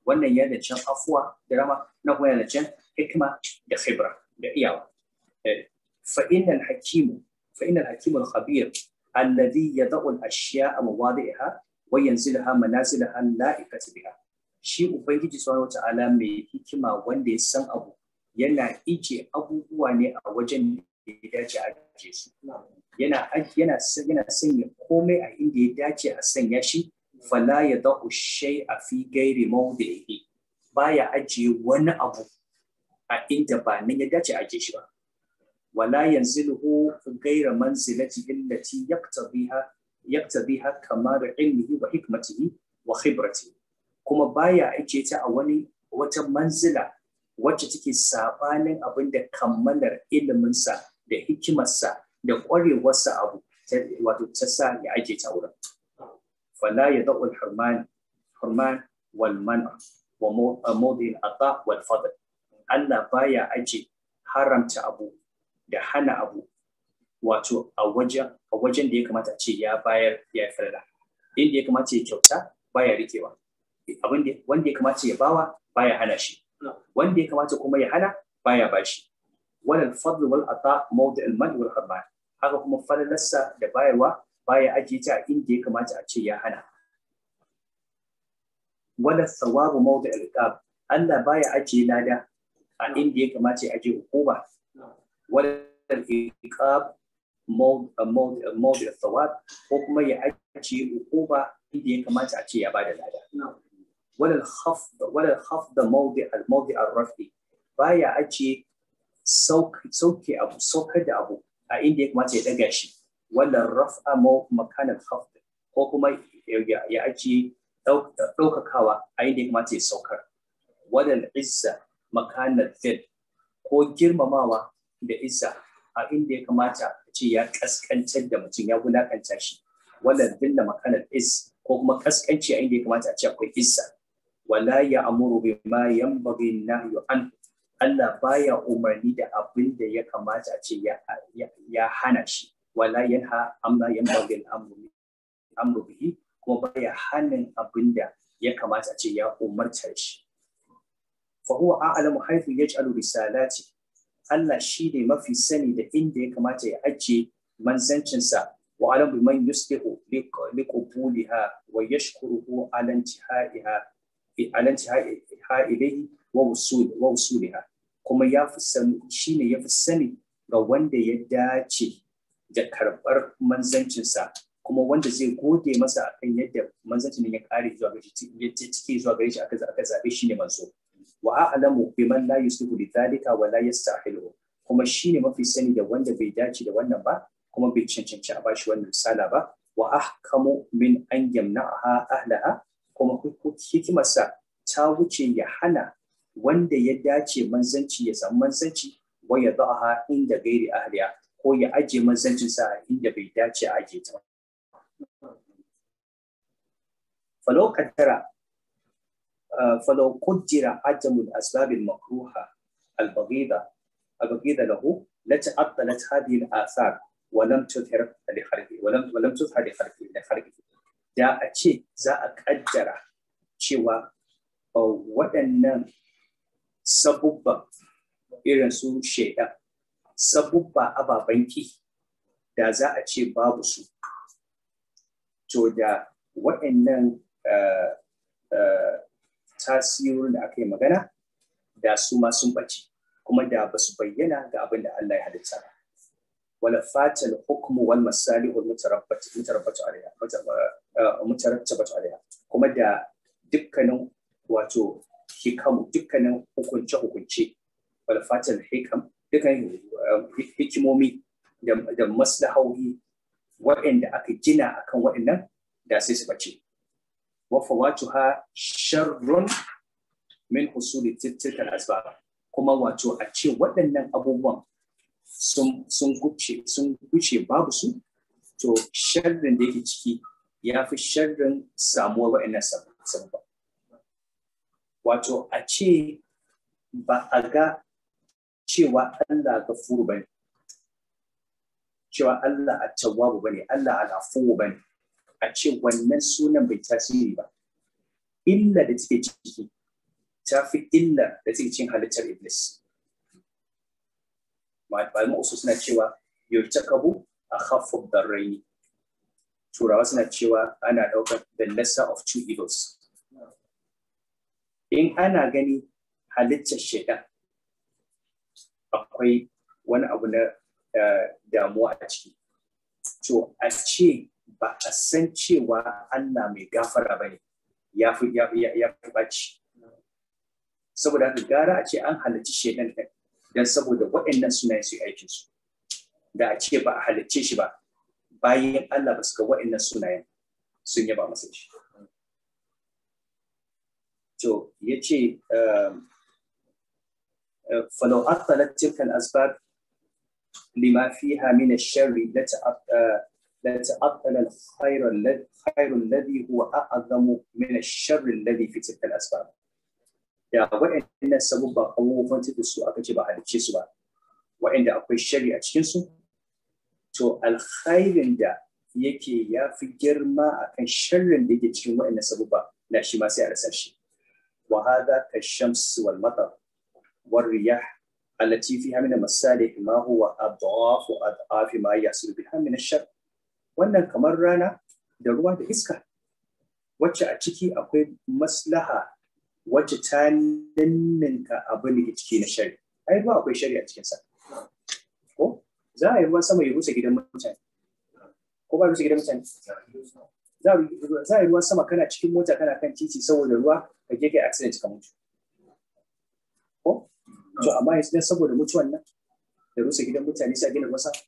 wannan yayi da can afuwa da rama na kuma da can hikima da khibra da iyawa eh, fa innal hakimu fa innal hakimul khabir alladhi yada'u al-ashya'a mawadi'aha wa yansilha manasilaha la'iqat biha shi ubangiji wata wata'ala mai hikima wanda ya san abu yana ije abubuwa ne a wajen da ya dace a ajiye su yana yana yana sanya komai a inda ya dace a sanya shi fala ya dahu a fi ghairi mawdi'ihi baya ajiye wani abu a inda ba nan ya dace a ajiye shi ba wala yanzilu gaira manzilati illati yaqtadiha yaktabiha kamar ilmihi wa hikmatihi wa khibratihi kuma baya aike ta a wani wata manzila wacce take sabanin abin da kammalar iliminsa da hikimarsa da ƙwarewarsa abu wato ta sa ya aike ta wurin fala ya hurman hurman wal man'a wa mawdi ata wal fadl Allah baya aje haramta abu da hana abu wato a wajen a wajen da ya kamata ce ya bayar ya farada inda ya kamata ya kyauta baya rikewa abin da wanda ya kamata ya bawa baya hana shi wanda ya kamata kuma ya hana baya bashi wannan fadl wal ata mawdi al mal wal khabar haka kuma falalarsa da bayarwa baya ajiye ta inda ya kamata a ce ya hana wala thawabu mawdi al qab Allah baya ajiye lada a inda ya kamata ya ajiye hukuma wala al iqab mawdi thawab ko kuma ya ajiye ukuba inda ya kamata a ce ya bada lada walal khafd walal khafd mawdi al mawdi al rafi baya ajiye sauke abu saukar da abu a inda ya kamata ya daga shi walal raf'a makanan khafd ko kuma ya ajiye ɗaukakawa a inda ya kamata ya saukar walal izza makanan zid ko girmamawa da izza a inda ya kamata ce ya kaskantar da mutum ya wulakanta shi wannan dilla makanar is ko kuma kaskanci a inda ya kamata a ce akwai isa wala ya amuru bi ma yanbaghi nahyu an Allah baya umarni da abin da ya kamata a ce ya hana shi wala yanha amma yanbaghi al amru bihi kuma baya hanin abin da ya kamata a ce ya umarta shi fa huwa a'lamu haythu yaj'alu risalati Allah shi ne mafi sani da inda ya kamata ya ajiye manzancinsa wa alam man yuslihu li qubuliha wa yashkuruhu ala intihaiha ala intihaiha wa wusul wa kuma ya fi sani shi ne ya fi sani ga wanda ya dace da karbar manzancinsa kuma wanda zai gode masa akan yadda manzancin ya kare zuwa gare shi ya cike zuwa gare shi aka zaɓe shi ne manzo wa a'lamu biman la yusifu bi dhalika wa la yastahilu kuma shine mafi sani da wanda bai dace da wannan ba kuma bai cancanci a bashi wannan sala ba wa ahkamu min an yamna'aha ahlaha kuma hikimarsa ta wuce ya hana wanda ya dace manzanci ya samu manzanci wa ya za'aha inda gairi ahliya ko ya aje manzancinsa inda bai dace a aje ta. Falau فلو قدر عدم الأسباب المكروهة البغيضة البغيضة له لتعطلت هذه الآثار ولم تظهر لخلقه ولم ولم تظهر لخلقه لخلقه da a ce za a ƙaddara cewa waɗannan sabubba irin su shaidan sabubba ababen ki da za a ce babu su to da waɗannan tasirin da aka yi magana da su ma sun ɓace kuma da ba su bayyana ga abin da Allah ya halitta ba wala fatan hukmu wal masalihu mutarabbatu mutarabbatu alaiha eh, mutarabbatu alaiha kuma da dukkanin wato hikamu dukkanin hukunce hukunce wala fatan hikam dukkanin eh, hikimomi da maslahohi waɗanda aka gina akan waɗannan da sai su bace wa ha sharrun min usuli tilkal asbab kuma wato a ce waɗannan abubuwan sun sun babu su to sharrin da yake ciki ya fi sharrin samuwar waɗannan sababba wato a ce ba a ga cewa Allah gafuru bane cewa Allah at-tawwabu bane Allah al-afuwu bane a ce wannan sunan bai tasiri ba illa da take ciki ta fi illa da take cikin halittar iblis mu su suna cewa yurtakabu a khaffu darraini turawa suna cewa ana ɗaukar the lesser of two evils in ana gani halittar shaidan akwai wani abu na eh, damuwa a ciki to a ce ba a san cewa Allah mai gafara ba ne ya fi ɓaci. Saboda haka gara a ce an halarci shaidan ɗin don saboda waɗannan suna su aikin su. Da a ce ba a halarce shi ba bayan Allah ba su ga waɗannan sunayen sun yaba masa shi. To ya ce فلو أطلت تلك الأسباب لما فيها من لتعطل الخير الذي خير الذي هو اعظم من الشر الذي في تلك الاسباب يا وان سبب قوفن تدسو اكجي با حدثي سو با وان akwai shari a cikinsu. to alkhairin da yake ya fi girma akan sharrin da yake cikin wa'annan sabubba na shi ma sai a rasa shi wa hadha kashams wal matar wal riyah allati fiha min ma huwa adhafu adhafi ma wannan kamar rana da ruwa da iska wacce a ciki akwai maslaha wacce ta ninninka abin da ciki na shari ai ba akwai shari a cikinsa ko za a yi ruwan sama ya rusa gidan mutane ko ba rusa gidan mutane za a yi ruwan sama kana cikin mota kana kan titi saboda ruwa ka je kai accident ka mutu ko to amma yanzu saboda mutuwan nan da rusa gidan mutane sai a gina ruwan sama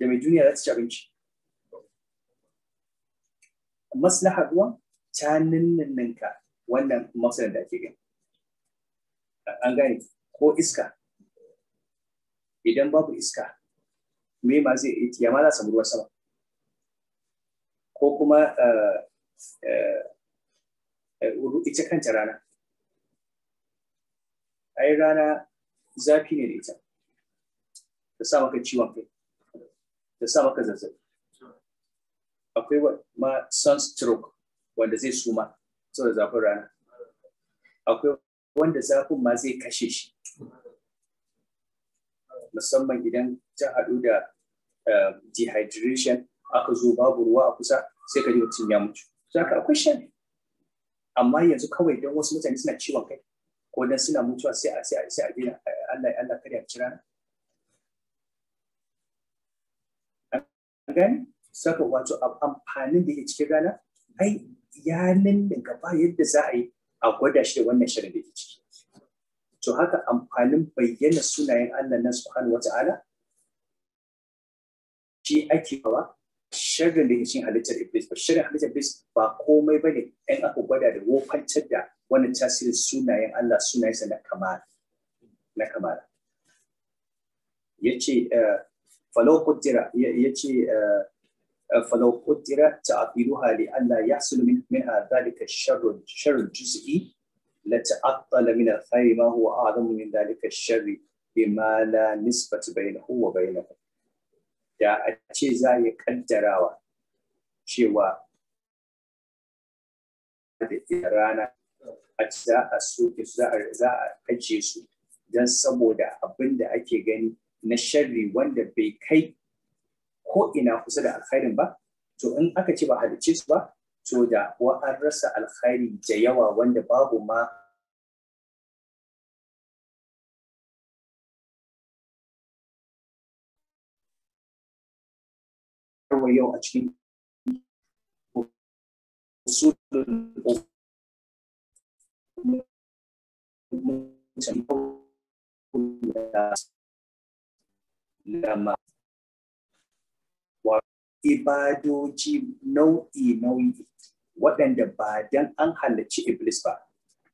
da mai duniya za ta ci abinci maslaha kuwa ta ninninka wannan masalar da ake gani an gane ko iska idan babu iska me ma zai iya tiya ma za samu ruwan sama ko kuma eh, eh, ita kanta rana ai rana zafi ne da ita ta sa maka ciwon kai da sa maka zazzabi akwai ma sunstroke wanda zai suma saboda zafin rana akwai wanda zafin ma zai kashe shi musamman idan ta haɗu da eh, dehydration aka zo babu ruwa a kusa sai ka ji mutum ya mutu Za ka akwai shan amma yanzu kawai don wasu mutane suna ciwon kai ko dan suna mutuwa sai a sai a sai a Allah Allah kada ya rana gane saka wato amfanin da ke cikin rana ai ya ninninka ba yadda za a yi a gwada shi da wannan shirin da ke ciki to haka amfanin bayyana sunayen Allah na subhanahu ala shi ake kawa shirin da ke cikin halittar iblis ba shirin halittar iblis ba komai ba ne ɗan aka gwada da wofantar da wannan tasirin sunayen Allah sunayensa na kamala na kamara. ya ce eh, falau kuttira ya ce falau kuttira ta'abiruha li Allah ya sulu min minha dalika sharrun sharrun juz'i la ta'attala min al-khayri ma huwa a'zamu min dalika sharri bima la nisbata bainahu wa bainahu da a ce za ya kaddarawa cewa da rana a za a soke za a ajiye su don saboda abin da ake gani na sharri wanda bai kai ko ina kusa da alkhairin ba to in aka ce ba halicce su ba to da wa an rasa alkhairi da yawa wanda babu ma yau a cikin usulun lama ibadoji nau'i nau'i waɗanda ba dan an halarci iblis ba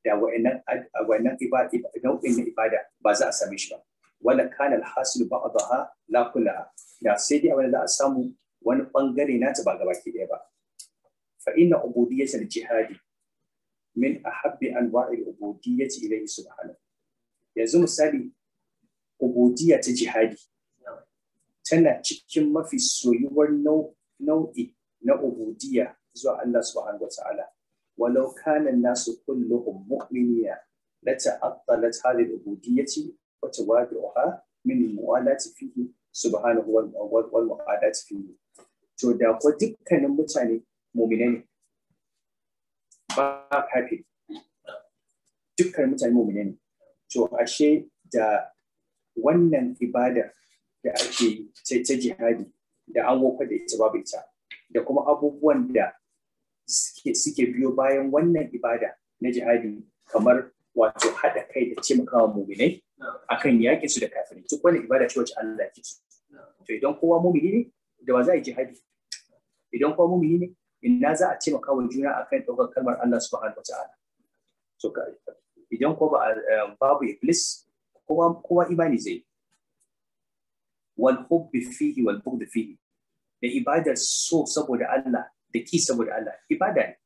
da wa'annan nau'in na ibada ba za a same shi ba wala kana alhasil ba'daha la kullaha da sai dai wanda za a samu wani ɓangare na ta ba gaba ki ɗaya ba fa inna ubudiyatul jihadi min ahabbi anwa'il ubudiyyati ilayhi subhanahu yanzu misali ubudiyya ta jihadi tana cikin mafi soyuwar nau'i na ubudiya zuwa Allah subhanahu wa ta'ala walau kana nasu kulluhum mu'minina la ta'attalat hadhihi al-ubudiyyati wa tawaduha min mu'alati fihi subhanahu wa mu'adati fihi to da ko dukkanin mutane mu'minai ne ba kafiri dukkan mutane mu'minai ne to ashe da wannan ibada da ake ta jihadi da an wofa da ita babu ita da kuma abubuwan da suke biyo bayan wannan ibada na jihadi kamar wato haɗa kai da taimakawa muminai kan yaƙi su da kafirai duk wani ibada ce wacce Allah ya su to idan kowa mumini ne da ba za a yi jihadi idan kowa mumini ne ina za a ce makawa juna kan ɗaukar kalmar Allah subhanahu wataala to idan kowa ba babu iblis kowa imani zai wal hubbi fihi wal bughd fihi da ibada so saboda Allah da ki saboda Allah ibada ne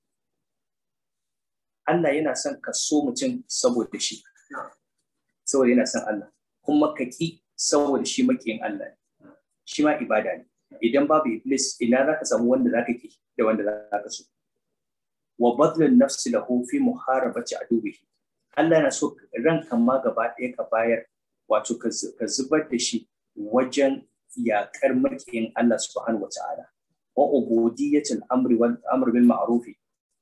Allah yana son ka so mutum saboda shi saboda yana son Allah kuma ka ki saboda shi makiyin Allah ne shi ma ibada ne idan babu iblis ina za ka samu wanda za ka ki da wanda za ka so wa badlun nafsi lahu fi muharabati adubihi Allah yana so ranka ma gaba ɗaya ka bayar wato ka zubar da shi wajen yakar makiyin Allah subhanahu wata'ala wa ubudiyatul amri wal amr bil ma'ruf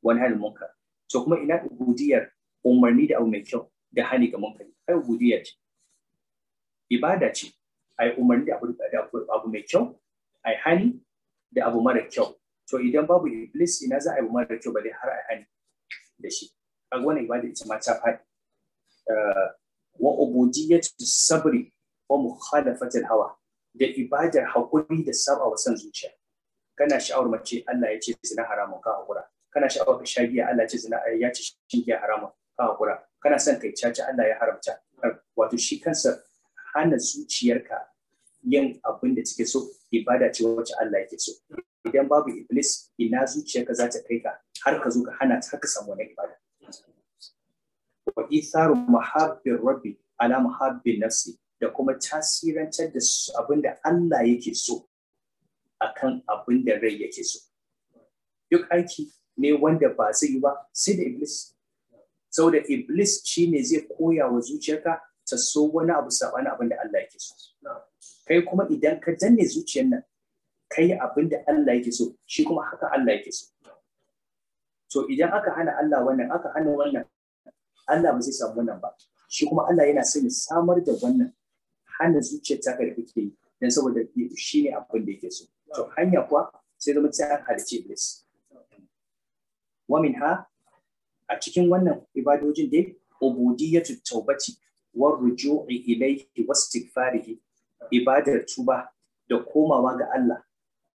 wa nahy anil munkar to kuma ina ubudiyar umarni da abu mai kyau da hani ga munkari ai ubudiyya ce ibada ce ai umarni da abu mai kyau ai hani da abu mara kyau to idan babu iblis ina za a yi mara kyau bale har ai hani da shi kaga wannan ibada ita ma ta faɗi eh, wa ubudiyyatu sabri wa mukhalafatil hawa da ibadar hakuri da saba wa san zuciya kana sha'awar mace Allah ya ce zina haramun ka hakura kana sha'awar ka sha giya Allah ya ce zina ya ce shin giya haramun ka hakura kana son kai caca Allah ya haramta wato shi kansa hana zuciyarka yin abin da take so ibada ce wacce Allah yake so idan babu iblis ina zuciyarka za ta kai ka har ka zo ka hana ta ka samu wani ibada wa itharu mahabbir rabbi ala mahabbin nafsi da kuma tasirantar da abin da Allah yake so akan abin da rai yake so duk aiki ne wanda ba zai yi ba sai da iblis Sau da iblis shine zai koya wa zuciyarka ta so wani abu sabani abin da Allah yake so kai kuma idan ka danne zuciyar nan yi abin da Allah yake so shi kuma haka Allah yake so to idan aka hana Allah wannan aka hana wannan Allah ba zai samu wannan ba shi kuma Allah yana son ya samar da wannan hana zuciyar ta da ke yi don saboda shi ne abin da yake so to hanya kuwa sai zama ta halice iblis wamin ha a cikin wannan ibadojin dai ubudiyatu tawbati wa ruju'i ilayhi wa istighfarihi ibadar tuba da komawa ga Allah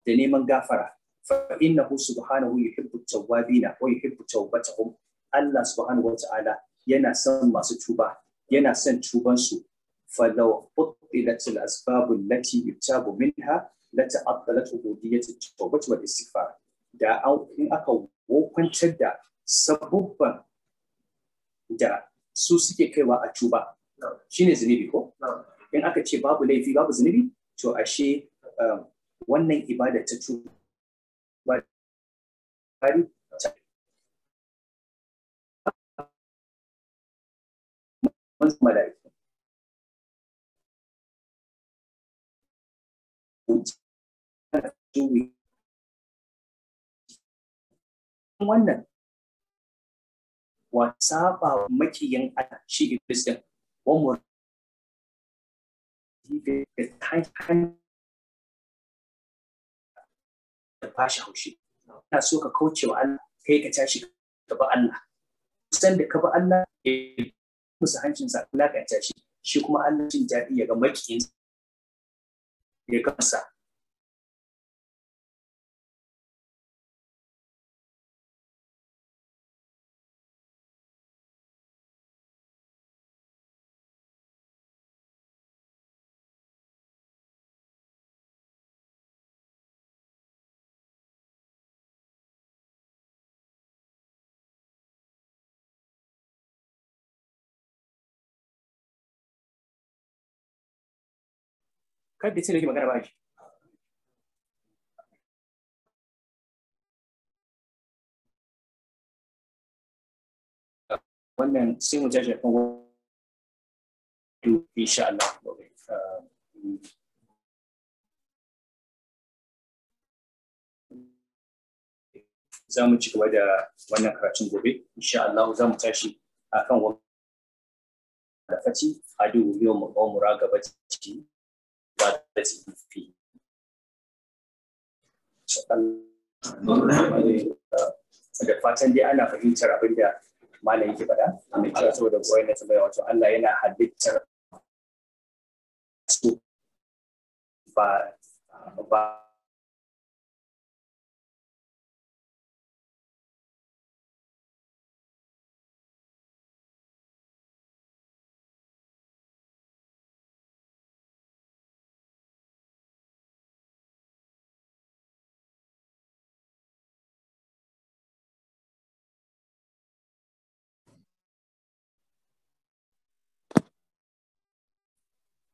da neman gafara fa innahu subhanahu yuhibbu tawwabina wa yuhibbu tawbatahum Allah subhanahu wa ta'ala yana son masu tuba yana son tuban su. فلو بطلت الأسباب التي يتاب منها لتعطلت عبودية التوبة والاستغفار da in aka wofantar da sabubban da su suke kaiwa a cuba shine zunubi ko in aka ce babu laifi babu zunubi to ashe um, wannan ibada ta cuba wannan wa saba makiyin shi iblis din wa mu da fashi haushi ina so ka Allah kai ka tashi ka ba Allah da ka ba Allah musu ka tashi shi kuma Allah jin ta ya 一个字啊。kai da sai nake magana ba shi wannan sai mu tashi kan insha Allah za mu ci gaba da wannan karatun gobe insha Allah za mu tashi akan wani da fati adu yau mu muragaba ciki عبادة فيه da fatan dai ana fahimtar abin da malam yake faɗa mai kyau saboda koyar da tambaya wato Allah yana halittar su ba ba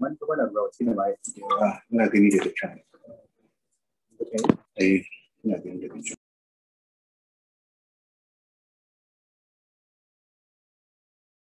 wanda wala ba wace da ba ina gani da ta eh, ina gani da ta